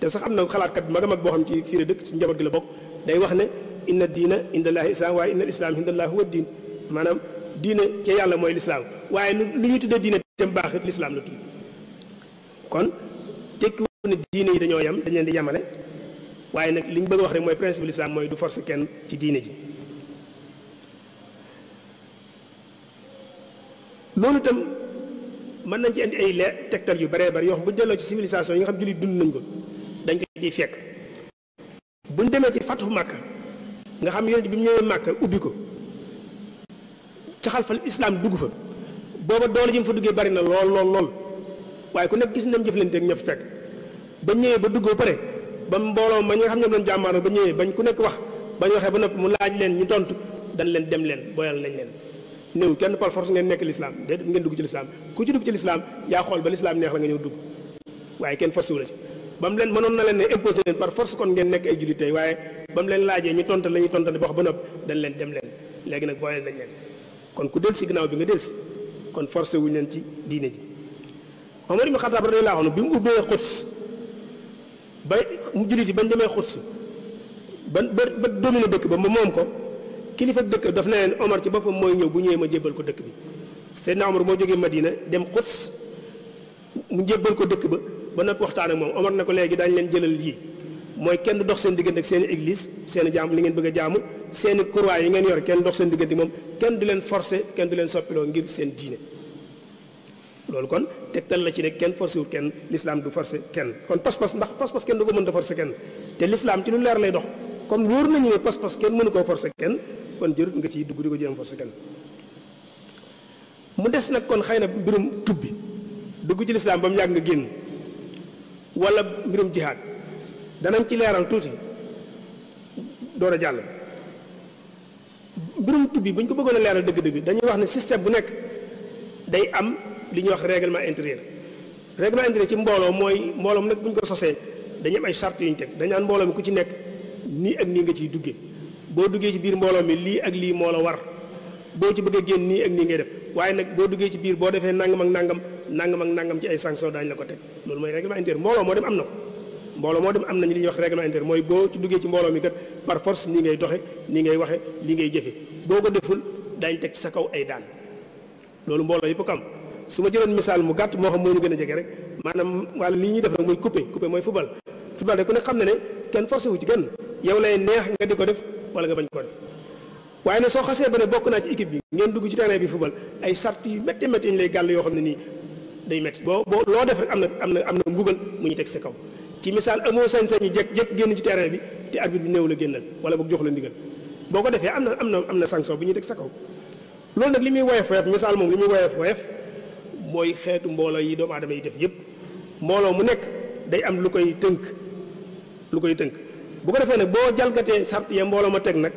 te sax am na xalaatkat mag a mag boo xam ci fii la dëkk ci njaboot gi la bokk day wax ne inna diina indallaahi islaam waaye inna lislaam maanaam diine ca yàlla mooy lislaam waaye lu ñu tuddee diina te baax it lislaam la tudd kon tekki ne diine yi dañoo yam dañ leen di yamale waaye nag li ñu bëgg wax rek mooy principe lislaam mooy du force kenn ci diine ji loolu tam mën nañ ci indi ay lee tegtal yu baree bari yoo xam bu ñu delloo ci civilisation yi nga xam jullit dund nañ ko dañ ko ciy fekk bu ñu demee ci fatu màkk nga xam yonent bi mu ñëwee màkk ubbi ko caxal fa islam dugg fa booba doole ji mu fa duggee bari na lool lool lool waaye ku nekk gis nañ jëflante ak ña fa fekk ba ñëwee ba duggoo pare ba mbooloo ma ñi nga xam ñoom lañ jàmmaaroo ba ñëwee bañ ku nekk wax bañ waxee ba noppi mu laaj leen ñu tontu dañ leen leen boyal nañ leen néew kenn par force ngeen nekk lislaam déedéet ngeen dugg ci lislaam ku ci dugg ci lislaam yaa xool ba lislaam neex la nga ñëw dugg waaye kenn force wu la ci ba mu leen na leen ne imposé leen par force kon ngeen nekk ay leen laajee ñu tontal la ñuy tontal ba wax leen dem leen léegi nag boole nañ leen kon ku del si ginnaaw bi nga del si kon forcé wu leen ci diine ji Omar ibn Xattaab radiyallaahu anhu bi mu ubbee Quds ba mu jullit yi bañ demee Quds ba ba domine dëkk ba moom ko kilifa dëkk daf na leen Omar ci boppam mooy ñëw bu ñëwee ma jébbal ko dëkk bi Seydina Omar moo jógee Madina dem Quds mu jébbal ko dëkk ba ba noppi waxtaan ak moom Omar na ko léegi dañ leen jëlal yi mooy kenn dox seen diggante ak seen église seen jaam li ngeen bëgg a jaamu seen croix yi ngeen yor kenn dox seen diggante moom kenn du leen forcer kenn du leen soppiloo ngir seen diine loolu kon tegtal la ci ne kenn forcé wu kenn l'islam du forcé kenn kon pas-pas ndax pas-pas kenn du ko koo forcé kenn kon jërut nga ciy dugg di ko jéem forcé kenn mu des nag kon xëy na mbirum tubbi dugg ci lislaam ba mu yàgg nga génn wala mbirum jihaad danañ ci leeral tuuti door a jàll mbirum tubbi bu ñu ko bëggoon a leeral dëgg-dëgg dañuy wax ne système bu nekk day am li ñuy wax règlement intérieur règlement intérieur ci mbooloo mooy mbooloo mu nekk bu ñu ko sosee dañu am ay charte yu ñu teg dañu naan mbooloo mi ku ci nekk nii ak nii nga ciy duggee boo duggee ci biir mbooloo mi lii ak lii moo la war boo ci bëggee a génn nii ak nii ngay def waaye nag boo duggee ci biir boo defee nangam ak nangam nangam ak nangam ci ay sanction dañ la ko teg loolu mooy règlement intérieur mbooloo moo dem am na ko mbooloo moo dem am nañu li ñuy wax règlement intérieur mooy boo ci duggee ci mbooloo mi kat par force nii ngay doxe nii ngay waxe lii ngay jëfe boo ko deful daañu teg ci sa kaw ay daan loolu mbooloo yëpp am su ma jëloon misaal mu gàtt moo xam moo ñu gën a jege rek maanaam wala lii ñuy def rek mooy coupé mooy football football rek ku ne xam ne ne kenn forcé wu ci kenn yow lay neex nga di ko def wala nga bañ ko def waaye na soo xasee ba ne bokk naa ci équipe bi ngeen dugg ci terrain bi football ay sart yu métti métti ñu lay gàll yoo xam ne nii day métti boo boo loo def rek am na am na am na mu ñu teg sa kaw ci misaal amoo sañ-sañ yi jekk jekk génn ci terrain bi te arbitre la génnal wala boog jox la ndigal boo ko defee am na am na am na sanction bu ñuy teg sa kaw loolu nag li muy woyof woyof misaal moom li muy woyof woyof mooy xeetu mbooloo yi doomu aadama yi def yëpp mbooloo mu nekk day am lu koy tënk lu koy tënk bu ko defee nag boo jalgatee sart ya mbooloo ma teg nag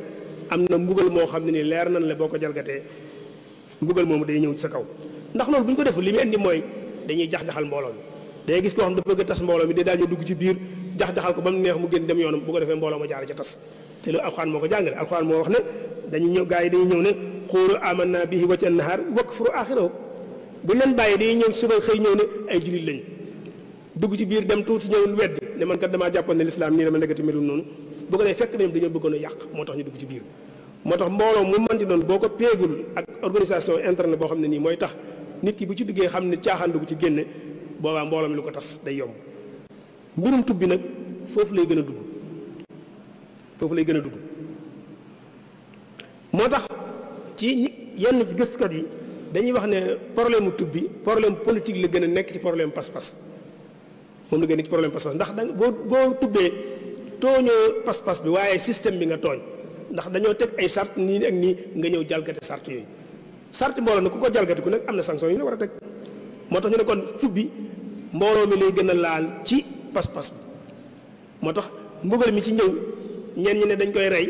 am na mbugal moo xam ne ni leer nañ la boo ko jalgatee mbugal moomu day ñëw ci sa kaw ndax loolu bu ñu ko deful li mu indi mooy dañuy jax-jaxal mbooloo mi day gis koo xam dafa bëgg a tas mbooloo mi day daal dugg ci biir jax-jaxal ko ba mu neex mu génn dem yoonam bu ko defee mbooloo ma jaar ca tas te loolu alxuraan moo ko moo wax ne dañu ñëw gars yi dañuy ñëw ne xuuru amanna bihi wacc an nahar wakfuru axirahu bu leen bàyyi dañuy ñëw ci suba xëy ñëw ne ay jullit lañ dugg ci biir dem tuuti ñëw weddi ne man kat damaa jàppoon ne lislaam nii la ma nekkati melul noonu bu ko dee fekk nañu dañoo yàq moo tax ñu dugg ci biir moo tax mbooloo mu mënti doon boo ko péegul ak organisation interne boo xam ne nii mooy tax nit ki bu ci duggee xam ne caaxaan dugg ci génne boobaa mbooloo mi lu ko tas day yomb mbirum tubbi nag foofu lay gën a dugg foofu lay gën a dugg moo tax ci yenn gëstukat yi dañuy wax ne problème mu tubbi problème politique la gën a nekk ci problème pas-pas moom la gën a ci problème pas-pas ndax da boo boo tubbee tooñoo pas-pas bi waaye système bi nga tooñ ndax dañoo teg ay sart nii ak nii nga ñëw jalgati sart yooyu sart mbooloo ne ku ko jalgati ku nekk am na sanction yu ñu war a teg moo tax ñu ne kon tub bi mbooloo mi lay gën a laal ci pas bi moo tax mbugal mi ci ñëw ñenn ñi ne dañ koy rey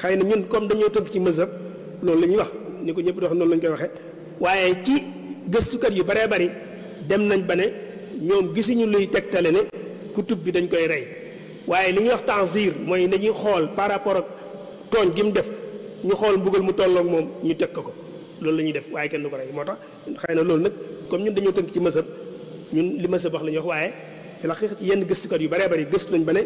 xëy na ñun comme dañoo tënk ci mësëb loolu la ñuy wax ni ko ñëpp di noonu lañ koy waxee waaye ci gëstukat yu baree bari dem nañ ba ne ñoom gisuñu luy tegtale ne kutub bi dañ koy rey waaye li ñu wax tanzir mooy dañuy xool par rapport ak tooñ gi mu def ñu xool mbugal mu tollook moom ñu teg ko loolu la ñuy def waaye kenn du ko rey moo tax xëy na loolu nag comme ñun dañoo tënk ci mësëb ñun li mësëb wax la ñuy wax waaye fi xeex ci yenn gëstukat yu baree bari gëstu nañ ba ne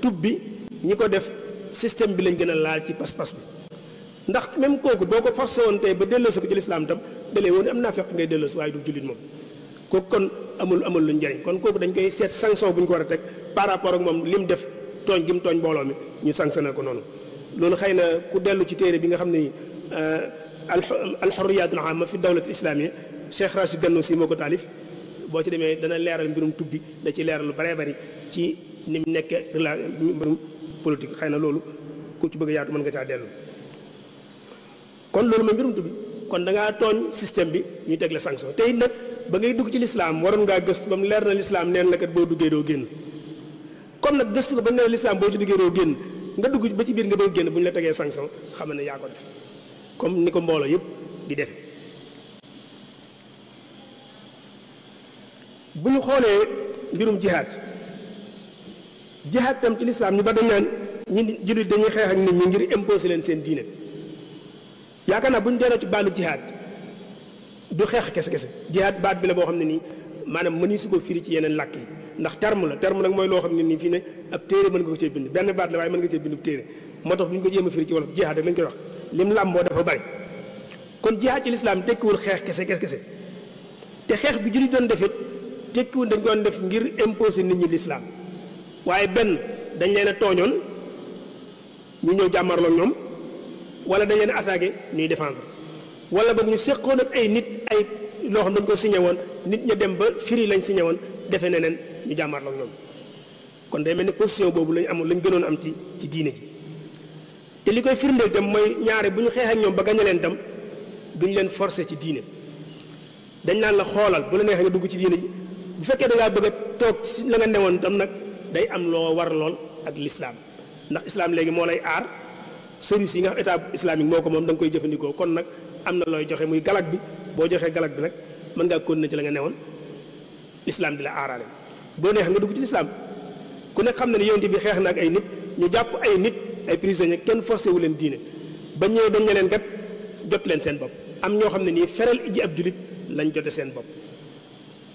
tub bi ñi ko def système bi lañ gën a laal ci pas-pas bi ndax même kooku boo ko forcé woon tey ba delloosi ko ci lislaam tam dalee woon am naa fekk ngay delloosi waaye du amul amul lu njëriñ kon kooku dañ koy seet sanction bu ñu ko war a teg par rapport ak moom li mu def tooñ gi mu tooñ mbooloo mi ñu sanctionné ko noonu loolu xëy na ku dellu ci téere bi nga xam ne euh, alxurriyatul aama fi dawlati islamiyya Cheikh Rachid Gannousi moo ko taalif boo ci demee dana leeral mbirum tubbi da ci leeral lu bare bari ci ni mu nekk rela mbirum politique xëy na loolu ku ci bëgg a yaatu mën nga caa dellu kon loolu mooy mbirum tubbi kon da bi ñu teg la ba ngay dugg ci lislaam waroon ngaa gëstu ba mu leer na lislaam neen la kat boo duggee doo génn comme nag gëstu ko ba mu leer lislaam boo ci duggee doo génn nga dugg ba ci biir nga bëgg génn bu ñu la tegee sanction xam na yaa ko def comme ni ko mbooloo yëpp di defe bu ñu xoolee mbirum jihaad jihaad tam ci lislaam ñu ba dañ naan ñu jullit dañuy xeex ak nit ñi ngir imposer leen seen diine yaakaar naa bu ñu delloo ci bàllu jihaad du xeex kese-kese jihaad baat bi la boo xam ne nii maanaam mënuñu si ko firi ci yeneen lakk yi ndax terme la term nag mooy loo xam ne nii fii ne ab téere mën nga ko cee bind benn baat la waaye mën nga cee bind ab téere moo tax duñ ko jéem a firi ci wolof jihaad rek lañ koy wax lim làmboo dafa bari kon jihaad xeex kese kese te xeex bi jullit doon def it tekkiwul dañ koon def ngir imposer nit ñi lislaam waaye benn dañ leen a tooñoon ñu ñëw jàmmarloo ñoom wala dañ leen a ñuy défendre wala boog ñu séqoon ak ay nit ay loo xam dañ ko siñe woon nit ña dem ba firi lañ siñe woon defe neneen ñu jàmmaar lak loolu kon day mel ni position boobu lañ amoon lañ gënoon am ci ci diine ji te li koy firndeel dem mooy ñaare bu ñu xeex ñoom ba gañ leen tam duñ leen forcer ci diine dañ naan la xoolal bu la neexee nga dugg ci diine ji bu fekkee da ngaa bëgg a toog ci la nga newoon tam nag day am loo war lool ak lislaam ndax islaam léegi moo lay aar service yi nga xam état islamique moo ko moom da koy jëfandikoo kon nag am na looy joxe muy galak bi boo joxee galak bi nag mën ngaa kon na ci la nga newoon lislaam di la aaraale boo neex nga dugg ci lislaam ku nekk xam na ne yonent bi xeex na ay nit ñu jàpp ay nit ay prisonnier kenn forcé wu leen diine ba ñëwee dañ ne leen kat jot leen seen bopp am ñoo xam ne nii feral ji ab julit lañ jote seen bopp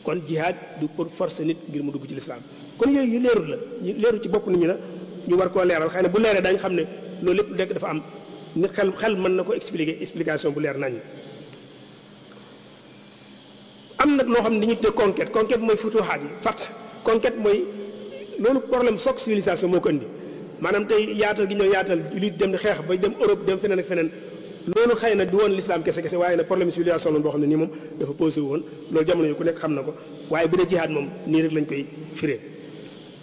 kon jihaad du pour force nit ngir mu dugg ci lislaam kon yooyu yu leerul la leeru ci bopp nit la ñu war koo leeral xëy na bu leeree dañ xam ne loolu lépp nekk dafa am nit xel xel mën na ko expliquer explication bu leer nañ am nag loo xam ne dañuy te conquête conquête mooy futuhaat yi fat conquête mooy loolu problème soog civilisation moo ko indi maanaam tey yaatal gi ñoo yaatal li dem di xeex ba dem Europe dem feneen ak feneen loolu xëy na di woon lislaam kese kese waaye nag problème civilisation loon boo xam ne nii moom dafa posé woon loolu jamono yu ku nekk xam na ko waaye bu dee jihaad moom nii rek lañ koy firee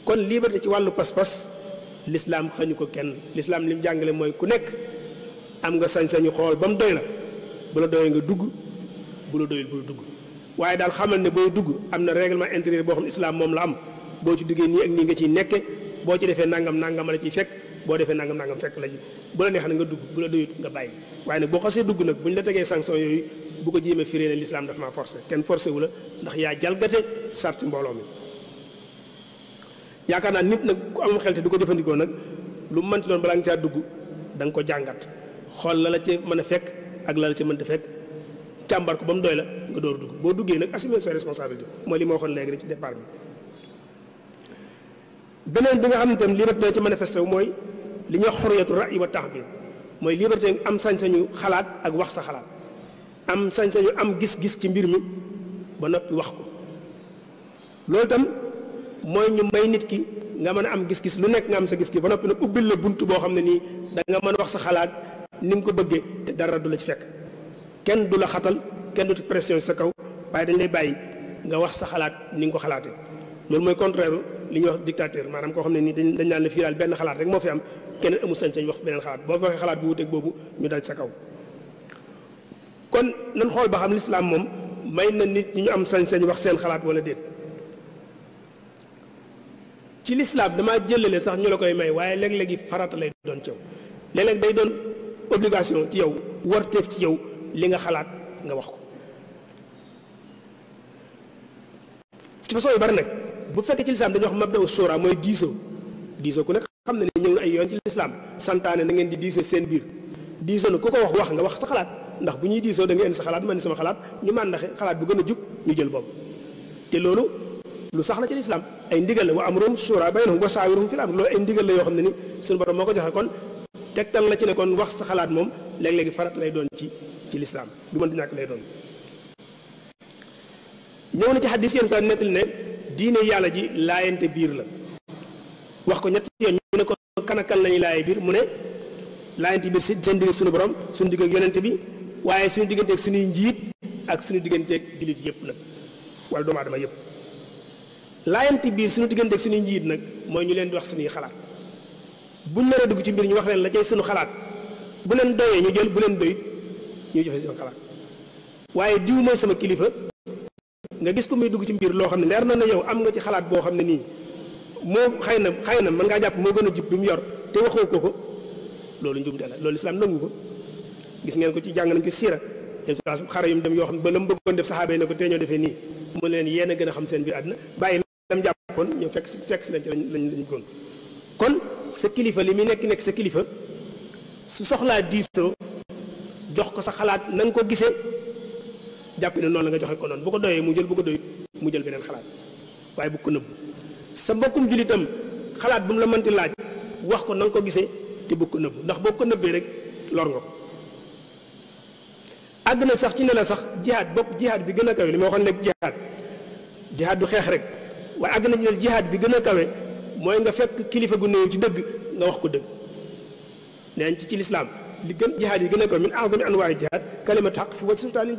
kon liberté ci wàllu pas-pas l'islam xañu ko kenn l'islam li mu jàngale mooy ku nekk am nga sañ-sañu xool ba mu doy la bu la doyee nga dugg bu la doyul bul dugg waaye daal xamal ne boo dugg am na règlement intérieur boo xam islam moom la am boo ci duggee nii ak nii nga ciy nekke boo ci defee nangam nangam la ciy fekk boo defee nangam nangam fekk la ci bu la na nga dugg bu la doyut nga bàyyi waaye nag boo xasee dugg nag bu ñu la tegee sanction yooyu bu ko jéemee firee ne l'islam dafa maa forcé kenn forcé wu la ndax yaa jalgate sart mbooloo mi yaakaar naa nit nag amul xel te ko jëfandikoo nag lu mënti doon balaa nga caa dugg da nga jàngat xool la la ci mën a fekk ak la la ci mënta fekk càmbar ko ba mu doy la nga door dugg boo duggee nag assumer sa responsabilité mooy li ma waxoon léegi rek ci départ bi beneen bi nga xam ne tam liberté ci manifesté wu mooy li ñuy xoriyatu ra'yi wa taxbir mooy liberté am sañ-sañu xalaat ak wax sa xalaat am sañ-sañu am gis-gis ci mbir mi ba noppi wax ko loolu tam mooy ñu may nit ki nga mën a am gis-gis lu nekk nga am sa gis gi ba noppi nag ubbil la bunt boo xam ne nii da nga mën a wax sa xalaat ni nga ko bëggee te dara du la ci fekk kenn du la xatal kenn du pression sa kaw waaye dañ lay bàyyi nga wax sa xalaat ni nga ko xalaatee loolu mooy contraire li ñuy wax dictateur maanaam koo xam ne nii dañ dañ naan la fii daal benn xalaat rek moo fi am kenn amul sañ-sañ wax beneen xalaat boo waxee xalaat bu wuteeg boobu ñu daal sa kaw kon nan xool ba xam lislaam moom may na nit ñi ñu am sañ-sañ wax seen xalaat wala déet ci lislaam damaa jëlale sax ñu la koy may waaye léeg-léegi farata lay doon caw obligation ci yow warteef ci yow li nga xalaat nga wax ko ci façon yu bari nag bu fekkee ci lislaam dañuy wax mabda u sóora mooy diisoo diisoo ku nekk xam ne ne ñëw na ay yoon ci lislaam santaane na ngeen di diisoo seen biir diisoo na ku ko wax wax nga wax sa xalaat ndax bu ñuy diisoo da indi sa xalaat man sama xalaat ñu màndaxe xalaat bu gën a jub ñu jël boobu te loolu lu sax la ci lislaam ay ndigal la wa amrum sóora baynahum wa saawiruhum fil amr loolu ay ndigal la yoo xam ne ni suñu ko joxe tegtal la ci ne kon wax sa xalaat moom léeg-léegi farat lay doon ci ci lislaam du mën di ñàkk lay doon ñëw na ci xaddis yenn saa nettali ne diine yàlla ji laayante biir la wax ko ñett yoon ñu ne ko kan lañuy laaye biir mu ne laayante biir seen digg ak suñu borom suñu digg ak yonent bi waaye suñu digganteeg suñuy njiit ak suñu digganteeg jullit yëpp nag wala doomu aadama yëpp laayante biir suñu digganteeg suñuy njiit nag mooy ñu leen di wax suñuy xalaat bu ñu naree dugg ci mbir ñu wax leen la cay suñu xalaat bu leen doyee ñu jël bu leen doyit ñu joxe suñu xalaat waaye diw mooy sama kilifa nga gis ko muy dugg ci mbir loo xam ne leer na ne yow am nga ci xalaat boo xam ne nii moo xëy na xëy na mën ngaa jàpp moo gën a jub bi mu yor te waxoo ko ko loolu njumte la loolu islaam nangu ko gis ngeen ko ci jàng nañ ko siira yéen xara yum dem yoo xam ne ba la mu bëggoon def saxaaba yi ne ko te ñoo defee nii leen yéen a xam seen biir àddina bàyyi lam jàppoon ñoom fekk si fekk si lañ ci lañ lañ bëggoon sa kilifa li muy nekk nekk sa kilifa su soxlaa diisoo jox ko sa xalaat na ko gisee jàpp ne noon la nga joxe ko noonu bu ko doyee mu jël bu ko doyut mu jël beneen xalaat waaye bu ko nëbbu sa mbokkum jullitam xalaat bu mu la mënti laaj wax ko na ko gisee te bu ko nëbbu ndax boo ko nëbbee rek lor nga àgg na sax ci ne la sax jihaad bokk jihaad bi gën a kawe li ma waxoon léegi jihaad jihaad du xeex rek waaye àgg na ci ne bi gën a kawe mooy nga fekk kilifa gu néew ci dëgg nga wax ko dëgg neen ci ci lislaam li gën jihaad yi gën a ko min azami anwaai jihaad kalimatu xaq fi waj sultaanin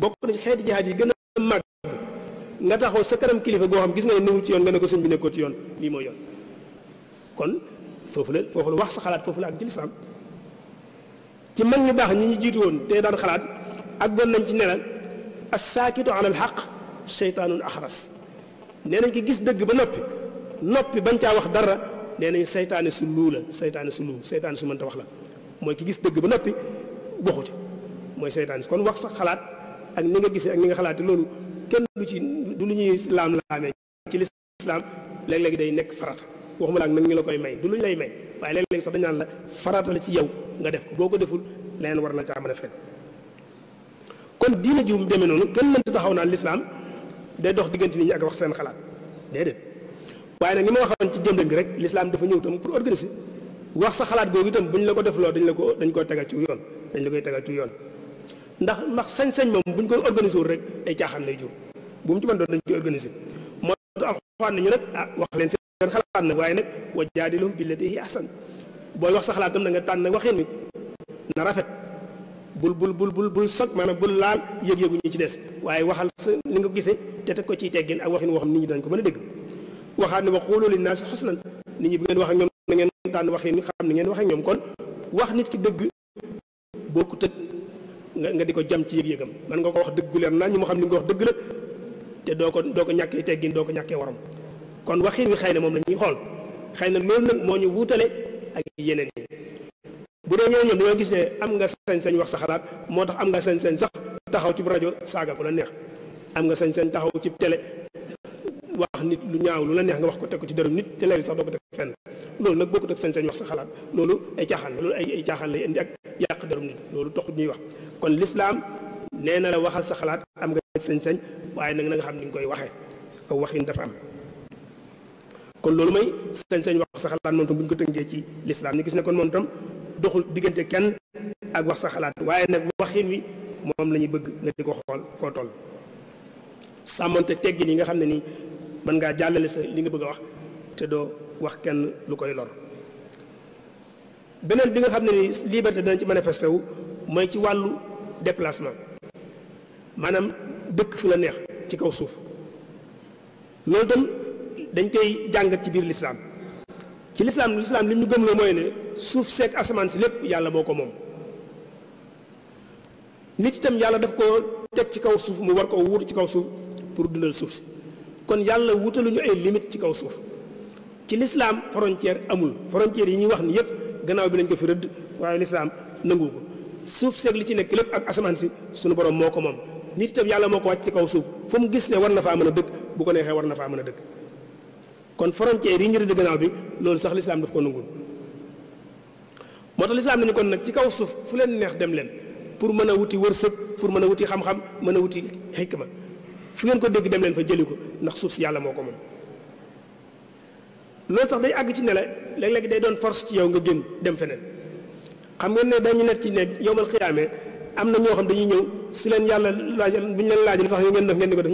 bokk na ci xeeti jihaad yi gën a màgg nga sa kanam kilifa goo xam gis nga ne newul ci yoon nga ne ko sëñ bi nekkoo ci yoon lii mooy yoon kon foofu la foofu la wax sa xalaat foofu la ak ci lislaam ci mag ñu baax ñi ñu jiitu woon te daan xalaat ak gon nañ ci ne la as saakitu alal xaq seytaanun axras nee nañ ko gis dëgg ba noppi noppi bañ caa wax dara nee nañ saytaane su luu la seytaane su luu saytaane su mënta wax la mooy ki gis dëgg ba noppi waxu ci mooy saytaane kon wax sa xalaat ak ni nga gisee ak ni nga xalaat loolu kenn du ci du lu ñuy laam-laamee ci lislaam léeg-léeg day nekk farata waxuma laak nag ñu la koy may du lu lay may waaye léeg-léeg sax dañ la farata la ci yow nga def ko boo ko deful leneen war na caa mën a fekk kon diina ji mu demee noonu kenn mënta taxaw naan lislaam day dox diggante nit ñi ak wax seen xalaat déedéet waaye nag ni ma waxoon ci jëmle gi rek lislaam dafa ñëw tam pour organiser wax sa xalaat googu itam bu ñu la ko def lool dañ la ko dañ koy tegal ci yoon dañ la koy tegal ci yoon ndax ndax sañ-sañ moom bu ñu koy organiser rek ay caaxaan lay jur ci mën doon dañ koy organiser moo tax alxuraan nañu nag ah wax leen seen xalaat nag waaye nag wa jaadilhum billati hiya ahsan booy wax sa xalaat tam da nga tànn nag waxeen wi na rafet bul bul bul bul bul sog maanaam bul laal yëg-yëgu ñu ci des waaye waxal sa ni nga gisee te teg ko ciy teggin ak waxin woo xam nit ñi dañ ko mën a dégg waxaat ne wa quulu linnaasi xusnan nit ñi bu ngeen wax ak ñoom na ngeen daan waxee ni xam ni ngeen wax wax nit ki dëgg bokkut ak nga nga di ko jam ci yëg-yëgam nga ko wax dëgg gu leer naa ñu xam li nga wax dëgg la te doo ko doo ko ñàkkee teggin doo ko ñàkkee waram kon waxin wi xëy na moom la ñuy xool xëy na loolu nag moo ñu wuutale ak yeneen yi bu dee ñooñu ñoom dañoo gis ne am nga sañ-sañ wax sa xalaat moo tax am nga sañ-sañ sax taxaw ci rajo saaga ku la neex am nga sañ-sañ taxaw ci tele wax nit lu ñaaw lu la neex nga wax ko teg ci deru nit te léegi sax doo ko teg fenn loolu nag bokkut ak sañ-sañ wax sa loolu ay caaxaan la loolu ay ay lay indi ak yàq deru loolu taxut ñuy wax kon lislaam nee na la waxal sa xalaat am nga sañ-sañ waaye nag na nga xam ni nga koy waxee aw waxin dafa am kon loolu may sañ-sañ wax sa xalaat moom tam bu ko tënkee ci lislaam ñu gis ne kon moom tam doxul diggante kenn ak wax sa xalaat waaye nag waxin wi moom la ñuy bëgg nga di ko xool foo toll sàmmante teggin yi nga xam ne nii mën ngaa jàllale sa li nga bëgg a wax te doo wax kenn lu koy lor beneen bi nga xam ne ni liberté dana ci manifesté wu mooy ci wàllu déplacement maanaam dëkk fi la neex ci kaw suuf loolu dem dañ koy jàngat ci biir lislaam ci lislaam lislaam li ñu gëm la mooy ne suuf seek asamaan si lépp yàlla boo ko moom nit itam yàlla daf ko teg ci kaw suuf mu war ko wuutu ci kaw suuf pour dundal suuf si kon yàlla ñu ay limite ci kaw suuf ci lislaam frontière amul frontière yi ñuy wax ni yëpp gannaaw bi lañ ko fi rëdd waaye lislaam nangu ko suuf seeg li ci nekk lépp ak asamaan si sunu borom moo ko moom nit itam yàlla moo ko wàcc ci kaw suuf fu mu gis ne war na faa mën a dëkk bu ko neexee war na faa mën a dëkk kon frontière yi ñu rëdd gannaaw bi loolu sax lislaam daf ko nangul moo tax lislaam nañu kon nag ci kaw suuf fu leen neex dem leen pour mën a wuti wërsëg pour mën a wuti xam mën a wuti xikma fu ngeen ko dégg dem leen fa jëli ko ndax suuf si yàlla moo ko moom loolu sax day àgg ci ne la léeg-léeg day doon force ci yow nga génn dem feneen xam ngeen ne dañu nekk ci ne yowmal xiyaamee am na ñoo xam dañuy ñëw su leen yàlla laaj bu ñu leen laaj li tax ngeen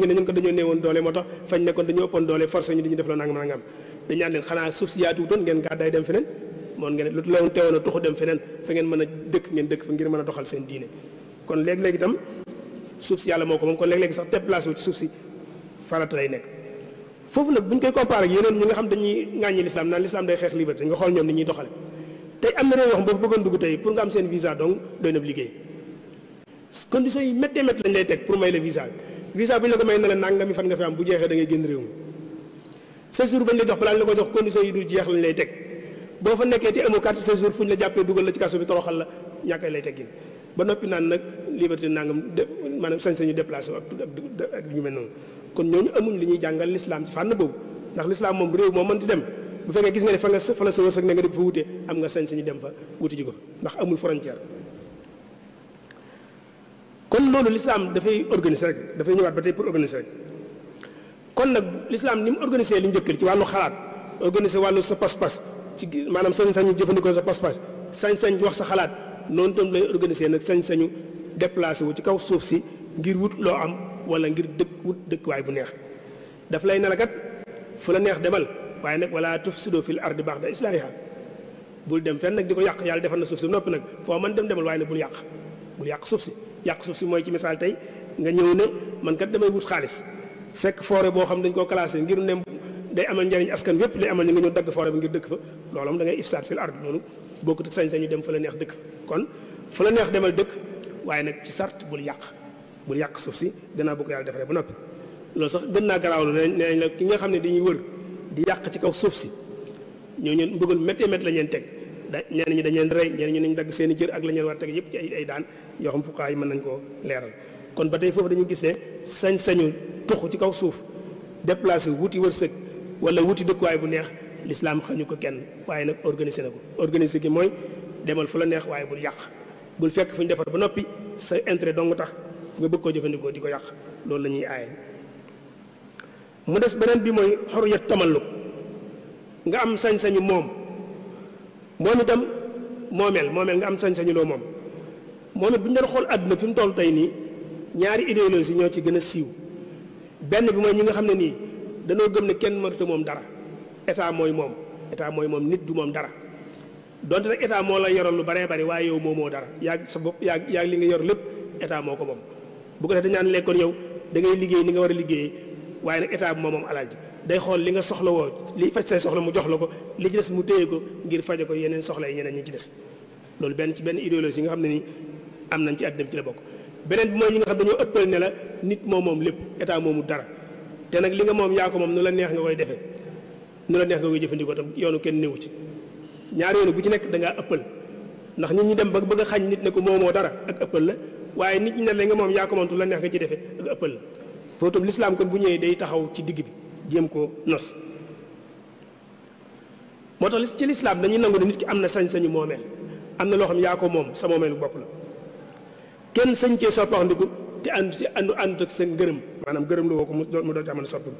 ne ñun ko dañoo néewoon doole moo tax fañ ëppoon doole force ñu dañu def la nangam nangam dañ naan leen xanaa suuf si yaatuwutoon ngeen gàddaay dem feneen moon ngeen lu teewoon a tuxu dem feneen fa ngeen mën a dëkk ngeen dëkk fa ngir mën a doxal seen diine kon léeg-léeg suuf si yàlla moo ko moom kon léeg-léeg sax déplacé wu suuf si farata lay nekk foofu nag bu ñu koy comparé ak yeneen ñi nga xam dañuy ŋàññi lislaam naan lislaam day xeex liberté nga xool ñoom ni ñuy doxale tey am na réew yoo xam boo fa bëggoon dugg tey pour nga am seen visa donc doy na liggéey condition yi méttee métt lañ lay teg pour may la visa visa bu ñu la ko may na la nangami fan nga fi am bu jeexee da ngay génn réew mi séjour bañ lay jox balaa ñu la ko jox condition yi dul liberté nangam maanaam sañ-sañu déplacé wu ak ak ñu mel noonu kon ñooñu amuñ li ñuy jàngal lislaam ci fànn boobu ndax lislaam moom réew moo mënti dem bu fekkee gis nga ne fa nga fa la sa wërsëg ne sañu dem fa wuti ji ko ndax amul frontière kon loolu lislaam dafay organiser rek dafay ñëwaat ba tey pour organiser kon nag lislaam ni mu organiser li njëkkal ci wàllu xalaat organiser wàllu sa pas-pas ci maanaam sañ-sañu jëfandikoo sa pas-pas sañ-sañ wax sa xalaat noonu toom lay organiser nag sañ-sañu déplacé wu ci kaw suuf si ngir wut loo am wala ngir dëkk wut dëkkuwaay bu neex daf lay nelagat fu la neex demal waaye nag wala tufsidu fil baax ba'da islaahiha bul dem fenn nag di ko yàq yàlla defal na suuf si noppi nag foo man dem demal waaye nag bul yàq bul yàq suuf si yàq suuf si mooy ci misaal tey nga ñëw ne man kat damay wut xaalis fekk forêt boo xam dañ koo classé ngir ne day amal njariñ askan yépp day amal ni nga ñëw dagg forêt bi ngir fa loolu am da ngay ifsaad fil ard loolu bokkut ak sañ-sañu fa la neex dëkk kon fa la neex demal dëkk waaye nag ci sart bul yàq bul yàq suuf si gannaaw bu ko yàlla defaree ba noppi loolu sax gën naa garaawlu nee nañ la ki nga xam ne dañuy wër di yàq ci kaw suuf si ñoo ñun mbëggal méttee mét la ñeen teg da ñenn ñi dañ leen rey ñenn ñi nañ dagg seen i jër ak la ñeen war a teg yëpp ci ay daan yoo xam fuqaa mën nañ koo leeral kon ba tey foofu dañu gis sañ-sañu toxu ci kaw suuf déplacé wuti wërsëg wala wuti dëkkuwaay bu neex lislaam xañu ko kenn waaye nag organiser na ko organiser gi mooy demal fu la neex waaye bul yàq bul fekk fu ñu defar ba noppi sa intérêt dong tax nga bëgg koo jëfandikoo di ko yàq loolu la ñuy aaye mu des beneen bi mooy xoriyat tamalluk nga am sañ-sañu moom moom itam moomeel moomeel nga am sañ-sañu loo moom moom it bu ñu doon xool àdduna fi mu toll tey nii ñaari idéologie ñoo ci gën a siiw benn bi mooy ñi nga xam ne nii danoo gëm ne kenn mënut moom dara état mooy moom état mooy moom nit du moom dara donte nag état moo la yoral lu baree bari waaye yow moomoo moo dara yaag sa bopp yaag yaag li nga yor lépp état moo ko moom bu ko defee lekkoon yow da liggéey ni nga war a liggéeyee waaye état moo moom alal ji day xool li nga soxla woo li faj say soxla mu jox la ko li ci des mu téye ko ngir faje ko yeneen soxla yi ñeneen ñi ci des loolu benn ci benn idéologie nga xam ne ni am nañ ci àddina ci la bokk beneen bi mooy ñi nga xam dañoo ëppal ne la nit moo moom lépp état moomu dara te nag li nga moom yaa ko moom nu la neex nga koy defee nu la neex nga jëfandikoo tam yoonu kenn néewu ci ñaar yoon bu ci nekk dangaa ëppal ndax nit ñi dem ba bëgg a xañ nit ne ko moomoo dara ak ëppal la waaye nit ñi ne la nga moom yaa ko moomtu la neex nga ci defee ak ëppal la foofu tam lislaam kon bu ñëwee day taxaw ci digg bi jéem ko nos moo tax ci lislaam dañuy nangu ne nit ki am na sañ-sañu moomeel am na loo xam yaa ko moom sa moomeelu bopp la kenn sëñ cee soppaxandiku te àndu si àndu àndut ak sa gërëm maanaam gërëm la woo ko mu doon am amoon soppi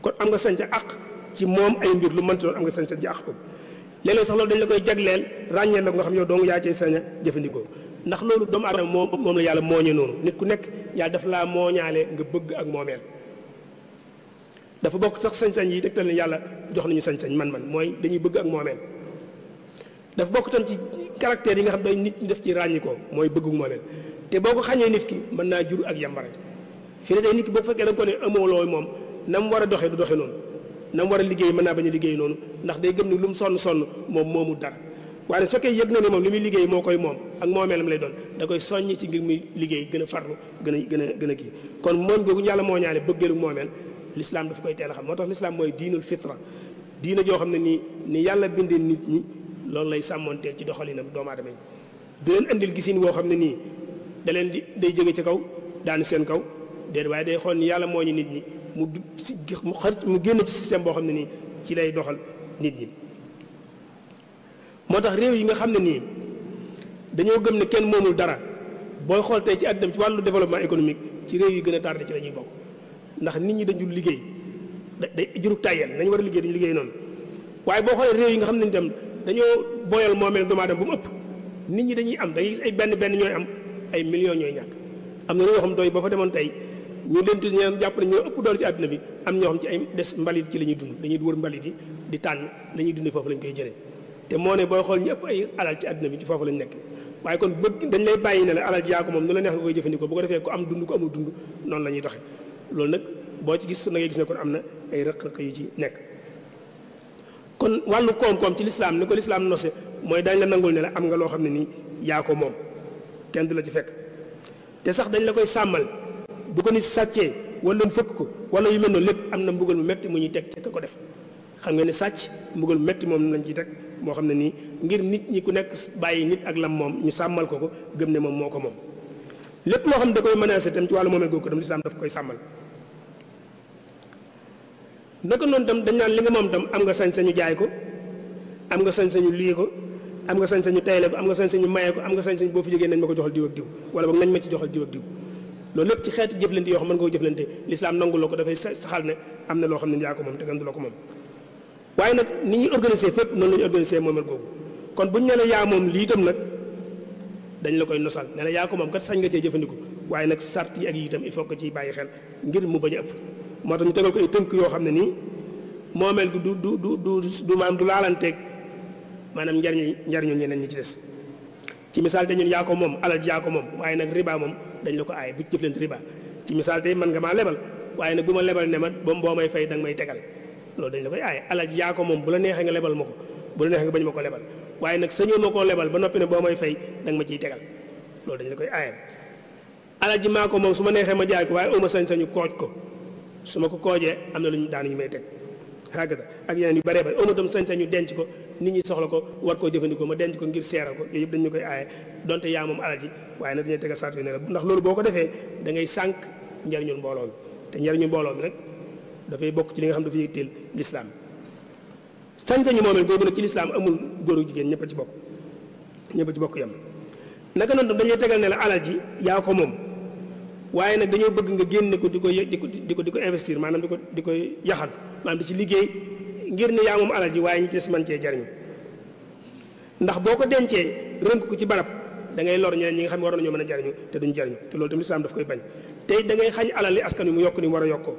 kon am nga sañ ca àq ci moom ay mbir lu mënti doon am nga sañ sa ji àq ko léeg-léeg dañ la koy jagleel ràññee la nga xam yow dong yaa cay sañ jëfandikoo ndax loolu doomu aadama moom moom la yàlla mooñe noonu nit ku nekk yàlla daf laa mooñaale nga bëgg ak moomeel dafa bokk sax sañ-sañ yi tegtal yàlla jox nañu sañ-sañ man-man mooy dañuy bëgg ak moomeel dafa bokk tam ci caractère yi nga xam day nit ñi def ci ràññi mooy bëggu moomeel te boo ko xañee nit ki mën naa jur ak yambare fii ne day nit ki boo fekkee da ko ne amooloo moom na mu war a doxee du doxe noonu na mu war a liggéey mën naa bañ a liggéey noonu ndax day gën ni lu mu sonn sonn moom moo moomu dara waaye su fekkee yëg na ne moom li muy liggéey moo koy moom ak moomeelam lay doon da koy soññ ci ngir muy liggéey gën a farlu gën a gën a kon mooñ googu yàlla moo ñaale bëggeelu moomeel lislaam dafa koy teel a xam moo tax lislaam mooy diinul fitra diina joo xam ne nii ni yàlla bindee nit ñi loolu lay sàmmoonteel ci doxalinam doomu aadama yi di leen indil gisin woo xam ne nii da di day jóge ci kaw daanu seen kaw déedéet waaye day xool ni yàlla moo ñu nit ñi mu mu xar mu génn ci système boo xam ne nii ci lay doxal nit ñi moo tax réew yi nga xam ne nii dañoo gëm ne kenn moomul dara booy xool tey ci àddina ci wàllu développement économique ci réew yi gën a tardé ci la ñuy bokk ndax nit ñi dañu liggéey da day jurug tàyyel nañu war a liggéey dañu liggéey noonu waaye boo xoolee réew yi nga xam ne ni tam dañoo booyal moomeel doomu aadama bu ëpp nit ñi dañuy am da gis ay benn benn ñooy am ay millions ñooy ñàkk am na réew yoo xam doy ba fa demoon tey ñu leen di ñoom jàpp ne ñoo ëpp doole ci àdduna bi am ñoo xam ci ay des mbalit ci la ñuy dund dañuy wër mbalit yi di tànn la ñuy dund foofu lañ koy jëlee te moo ne booy xool ñu ëpp ay alal ci àdduna bi ci foofu lañ nekk waaye kon bëgg dañ lay bàyyi ne la alal ji yaa ko moom nu la neex nga koy jëfandikoo bu ko defee ku am dund ku amul dund noonu la ñuy doxee loolu nag boo ci gis na ngay gis ne kon am na ay rëq-rëq yi ci nekk kon wàllu koom-koom ci lislaam ni ko lislaam nose mooy dañ la nangul ne am nga loo xam ne nii yaa moom kenn du la ci fekk te sax dañ la koy sàmmal bu ko nit sàccee wala mu fëkk ko wala yu mel noonu lépp am na mbugal mu metti mu ñuy teg ca ko def xam nga ne sàcc mbugal mu metti moom lañ ci teg moo xam ne nii ngir nit ñi ku nekk bàyyi nit ak lam moom ñu sàmmal ko ko gëm ne moom moo ko moom lépp loo xam ne da koy menacé tam ci wàllu moomee googu tam lislaam daf koy sàmmal naka noonu tam dañ naan li nga moom tam am nga sañ-sañu jaay ko am nga sañ-sañu lii ko am nga sañ-sañu tayle ko am nga sañ-sañu maye ko am nga sañ boo fi jógee nañ ma ko joxal diw ak diw wala boog nañ ma ci joxal diw ak diw loolu lépp ci xeetu jëflante yoo xam mën nga ko jëflante lislaam nangu la ko dafay saxal ne am na loo xam ne yaa ko moom te kenn du ko moom waaye nag ni ñuy organiser fépp noonu la ñuy organiser moomeel googu kon bu ñu nee moom lii itam nag dañ la koy nosal ne la yaa ko moom kat sañ nga cee jëfandiku waaye nag sart yi ak yi itam il faut que bàyyi xel ngir mu bañ moo tax ñu tegal tënk yoo xam ne nii moomeel gi du du du du du maanaam du laalanteeg maanaam njariñu njariñu ñeneen ñi ci ci misaal te ñun moom alal ji moom waaye nag riba moom dañ la ko aaye bu ci jëf ci misaal tey man nga maa lebal waaye nag bu ma lebal ne ma ba boo may fay da nga may tegal loolu dañ la koy aaye moom bu la neexee nga lebal ma ko bu la neexee nga bañ ma ko lebal waaye nag sañoo ma koo lebal ba noppi ne boo may fay da nga ma ciy tegal loolu dañ la koy aaye alal ji maa ko moom su ma neexee ma jaay ko waaye uma sañ-sañu kooj ko su ma ko koojee am na lu ñu daan ñu may teg xaagata ak yeneen yu bare bari uma tom sañ-sañu denc ko nit ñi soxla ko war koo jëfandikoo ma denc ko ngir seera ko yooyu yëpp dañ ñu koy aaye donte yaa moom alal ji waaye nag dañuy tegal sart yu ne ndax loolu boo ko defee sànq njariñul mbooloo te njariñul mbooloo mi nag dafay bokk ci li nga xam dafay yitteel lislaam sañ-sañu moomeel googu nag ci lislaam amul góor jigéen ñëpp ci bokk ñëpp ci bokk yam naka noonu tam dañuy tegal ne la alal ji yaa ko moom waaye nag dañoo bëgg nga génn ko di ko di ko di ko investir maanaam di ko di koy yaxal maanaam di ci liggéey ngir ne yaa moom alal ji waaye ñi ci des man cee jariñu ndax boo ko dencee rënk ko ci barab da ngay lor ñeneen ñi nga xam ne war nañoo mën a jariñu te duñ jariñu te loolu tamit lislaam daf koy te da ngay xañ alal askan wi mu yokk ni mu war a yokkoo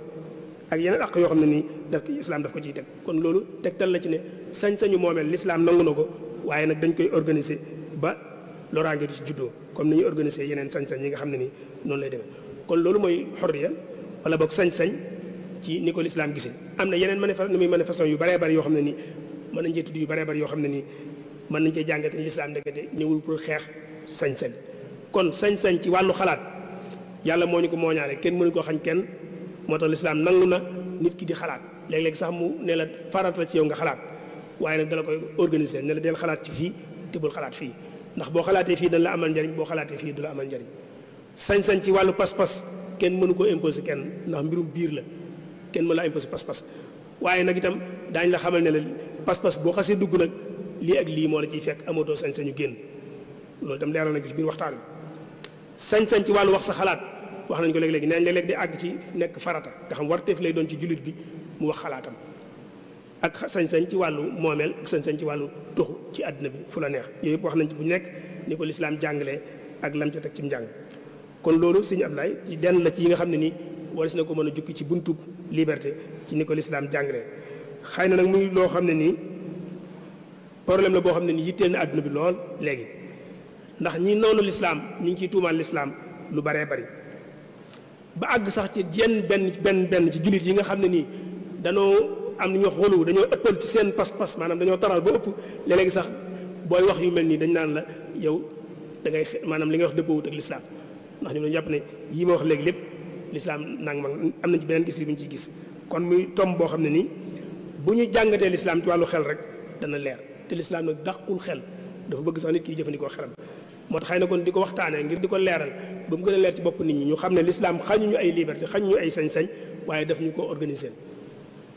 ak yeneen àq yoo xam ne nii daf islaam daf ko ciy teg kon loolu tegtal la ci ne sañ-sañu moomeel lislaam nangu na ko waaye nag dañ koy organiser ba loraange du ci juddoo comme ni ñuy organiser yeneen sañ yi nga xam ne nii noonu lay demee kon loolu mooy xorriya wala boog sañ-sañ ci ni ko lislaam gisee am na yeneen manifes nu muy manifestation yu baree bari yoo xam ne ni mën nañ cee tudd yu baree bari yoo xam ne ni mën nañ cee jàngate ni lislaam dëgg de ñëwul pour xeex sañ-sañ kon sañ-sañ ci wàllu xalaat yàlla moo ñu ko mooñaale kenn mënu ko xañ kenn moo tax lislaam nangu na nit ki di xalaat léeg-léeg sax mu ne la farat la ci yow nga xalaat waaye nag dala koy organiser ne la del xalaat ci fii te bul xalaat fii ndax boo xalaatee fii dañ la amal njariñ boo xalaatee fii du la amal njariñ sañ-sañ ci wàllu pas-pas kenn mënu ko imposer kenn ndax mbirum biir la kenn mën la imposé pas-pas waaye nag itam daañ la xamal ne la pas-pas boo xasee dugg nag lii ak lii moo la ciy fekk amatoo sañ-sañu génn loolu itam leeral nañ ko ci biir waxtaan sañ-sañ ci wàllu wax sa xalaat wax nañ ko léeg-léegi neen léeg-léeg di àgg ci nekk farata nga xam warteef lay doon ci jullit bi mu wax xalaatam ak sañ-sañ ci wàllu moomeel ak sañ-sañ ci wàllu toxu ci àddina bi fu la neex yooyu yëpp wax nañ ci bu nekk ni ko lislaam jàngalee ak lam ca teg ci njàng kon loolu sëñ yi nga xam ne nii waris na ko mën a jukki ci buntub liberté ci ni ko lislaam jàngale xëy na nag muy loo xam ne nii problème la boo xam ne nii yitteel na àdduna bi lool léegi ndax ñi noonu lislaam ñu ngi ciy tuumaan lislaam lu baree bari ba àgg sax ci jenn benn benn benn ci yi nga xam ne nii danoo am ni ñoo xoolu dañoo ëppal ci seen pas-pas maanaam dañoo taral ba ëpp léeg sax booy wax yu mel nii dañ naan la yow da ngay maanaam li nga wax dëppoowut ak lislaam ndax ñoom dañu jàpp ne yi ma wax léegi lépp lislaam nang mag am na ci beneen gis-gis ñu ci gis kon muy tomb boo xam ne nii bu ñu jàngatee lislaam ci wàllu xel rek dana leer te lislaam nag dàqul xel dafa bëgg sax nit kii jëfandikoo xelam moo tax xëy kon di ko waxtaanee ngir di ko leeral gën a leer ci bopp nit ñi ñu xam ne lislaam xañuñu ay liberté xañuñu ay sañ-sañ waaye daf ko organiser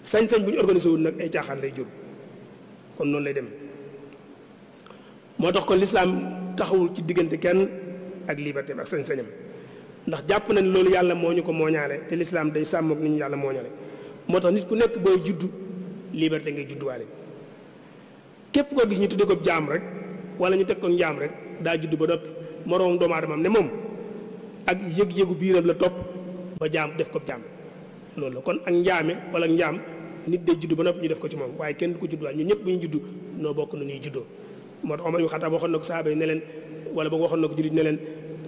sañ bu ñu organisé wul nag ay caaxaan lay jur kon noonu lay dem moo tax kon lislaam taxawul ci diggante kenn ak liberté ak sañ-sañam ndax jàpp nañ loolu yàlla moo ñu ko mooñaale te lislaam day sàmm ak ni ñu yàlla mooñaale moo tax nit ku nekk booy juddu liberté ngay judduwaale képp koo gis ñu tudde ko jaam rek wala ñu teg ko njaam rek daa juddu ba noppi moroom doomu aadamaam ne moom ak yëg-yëgu biiram la topp ba jaam def ko jaam loolu la kon ak njaame wala njaam nit day juddu ba noppi ñu def ko ci moom waaye kenn du ko judduwaale ñun ñëpp bu ñu juddu noo bokk nu ñuy juddoo moo tax Omar ibn Khattab waxoon na ne leen wala boog waxoon na ne leen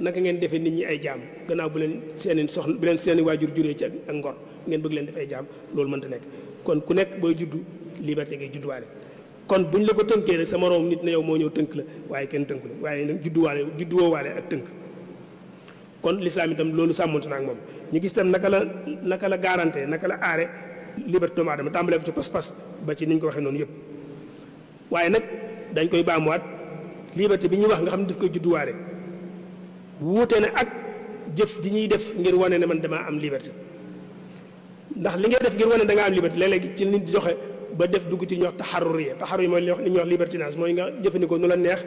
naka ngeen defee nit ñi ay jaam gannaaw bu leen seeni soxna bu leen seeni waajur juree ci ak ngor ngeen bëgg leen def ay jaam loolu mënta nekk kon ku nekk booy juddu liberté ngay judduwaale kon bu ñu la ko tënkee rek sa moroom nit na yow moo ñëw tënk la waaye kenn tënk la waaye nag judduwaale judduwoowaale ak tënk kon lislaam itam loolu sàmmonte na ak moom ñu gis itam naka la naka la garante naka la aare liberté doomu aadama tàmbalee ko ci pas-pas ba ci ni ñu ko waxee noonu yëpp waaye nag dañ koy baamuwaat liberté bi ñuy wax nga xam ne daf koy judduwaale wuute na ak jëf ji ñuy def ngir wane ne man damaa am liberté ndax li ngay def ngir wane da danga am liberté léeg-léeg ci ni joxe ba def dugg ci ñu wax taxaruriya taxaruriya mooy li ñuy wax libertinage mooy nga jëfandikoo nu la neex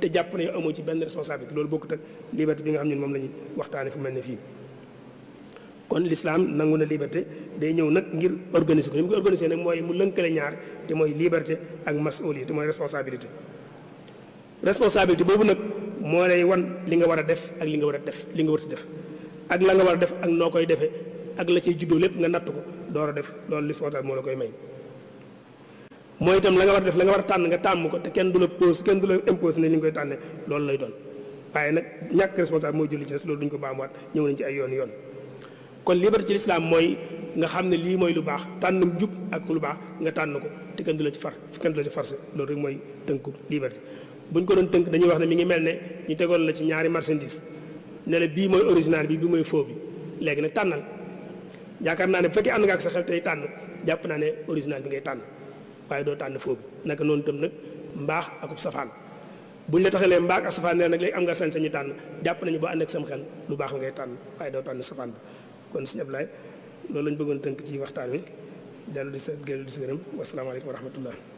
te jàpp ne amoo ci benn responsabilité loolu bokk ak liberté bi nga xam ñun moom la ñuy waxtaane fu mel ne fii kon lislaam nangu na liberté day ñëw nag ngir organiser ko ni mu ko organiser nag mooy mu lënkale ñaar te mooy ak masuliyé te mooy responsabilité responsabilité boobu nag moo lay wan li nga war a def ak li nga war a def li nga war a def ak la nga war a def ak noo koy defee ak la cay juddoo lépp nga natt ko door a loolu li sootaal moo la koy may mooy itam la nga war a def war a tànn nga tàmm ko te kenn du la pose kenn du la impose ne li nga koy tànne loolu lay doon waaye nag ñàkk responsable mooy julli ci des loolu duñ ko waat ñëw nañ ci ay yoon yoon kon liberté ci lislaam mooy nga xam ne lii mooy lu baax tànn jub ak lu baax nga tànn ko te kenn du la ci far kenn du la ci farcé loolu rek mooy tënku liberté buñ ko doon tënk dañuy wax ne mu ngi mel ne ñu tegoon la ci ñaari marchandise ne bii mooy original bi bii mooy faux bi léegi nag tànnal yaakaar naa ne bu fekkee ànd nga ak sa xel tey tànn jàpp naa ne original bi ngay tànn waaye doo tànn faux naka noonu tam nag mbaax akub safaan buñ la taxalee mbaax ak safaan nee nag léegi am tànn jàpp nañu boo ànd ak sam xel lu baax ngay tànn waaye doo tànn safaan bi kon sëñ Ablaye loolu lañ bëggoon tënk ci waxtaan wi dellu di sa dellu di sa gërëm wasalaamaaleykum wa rahmatullah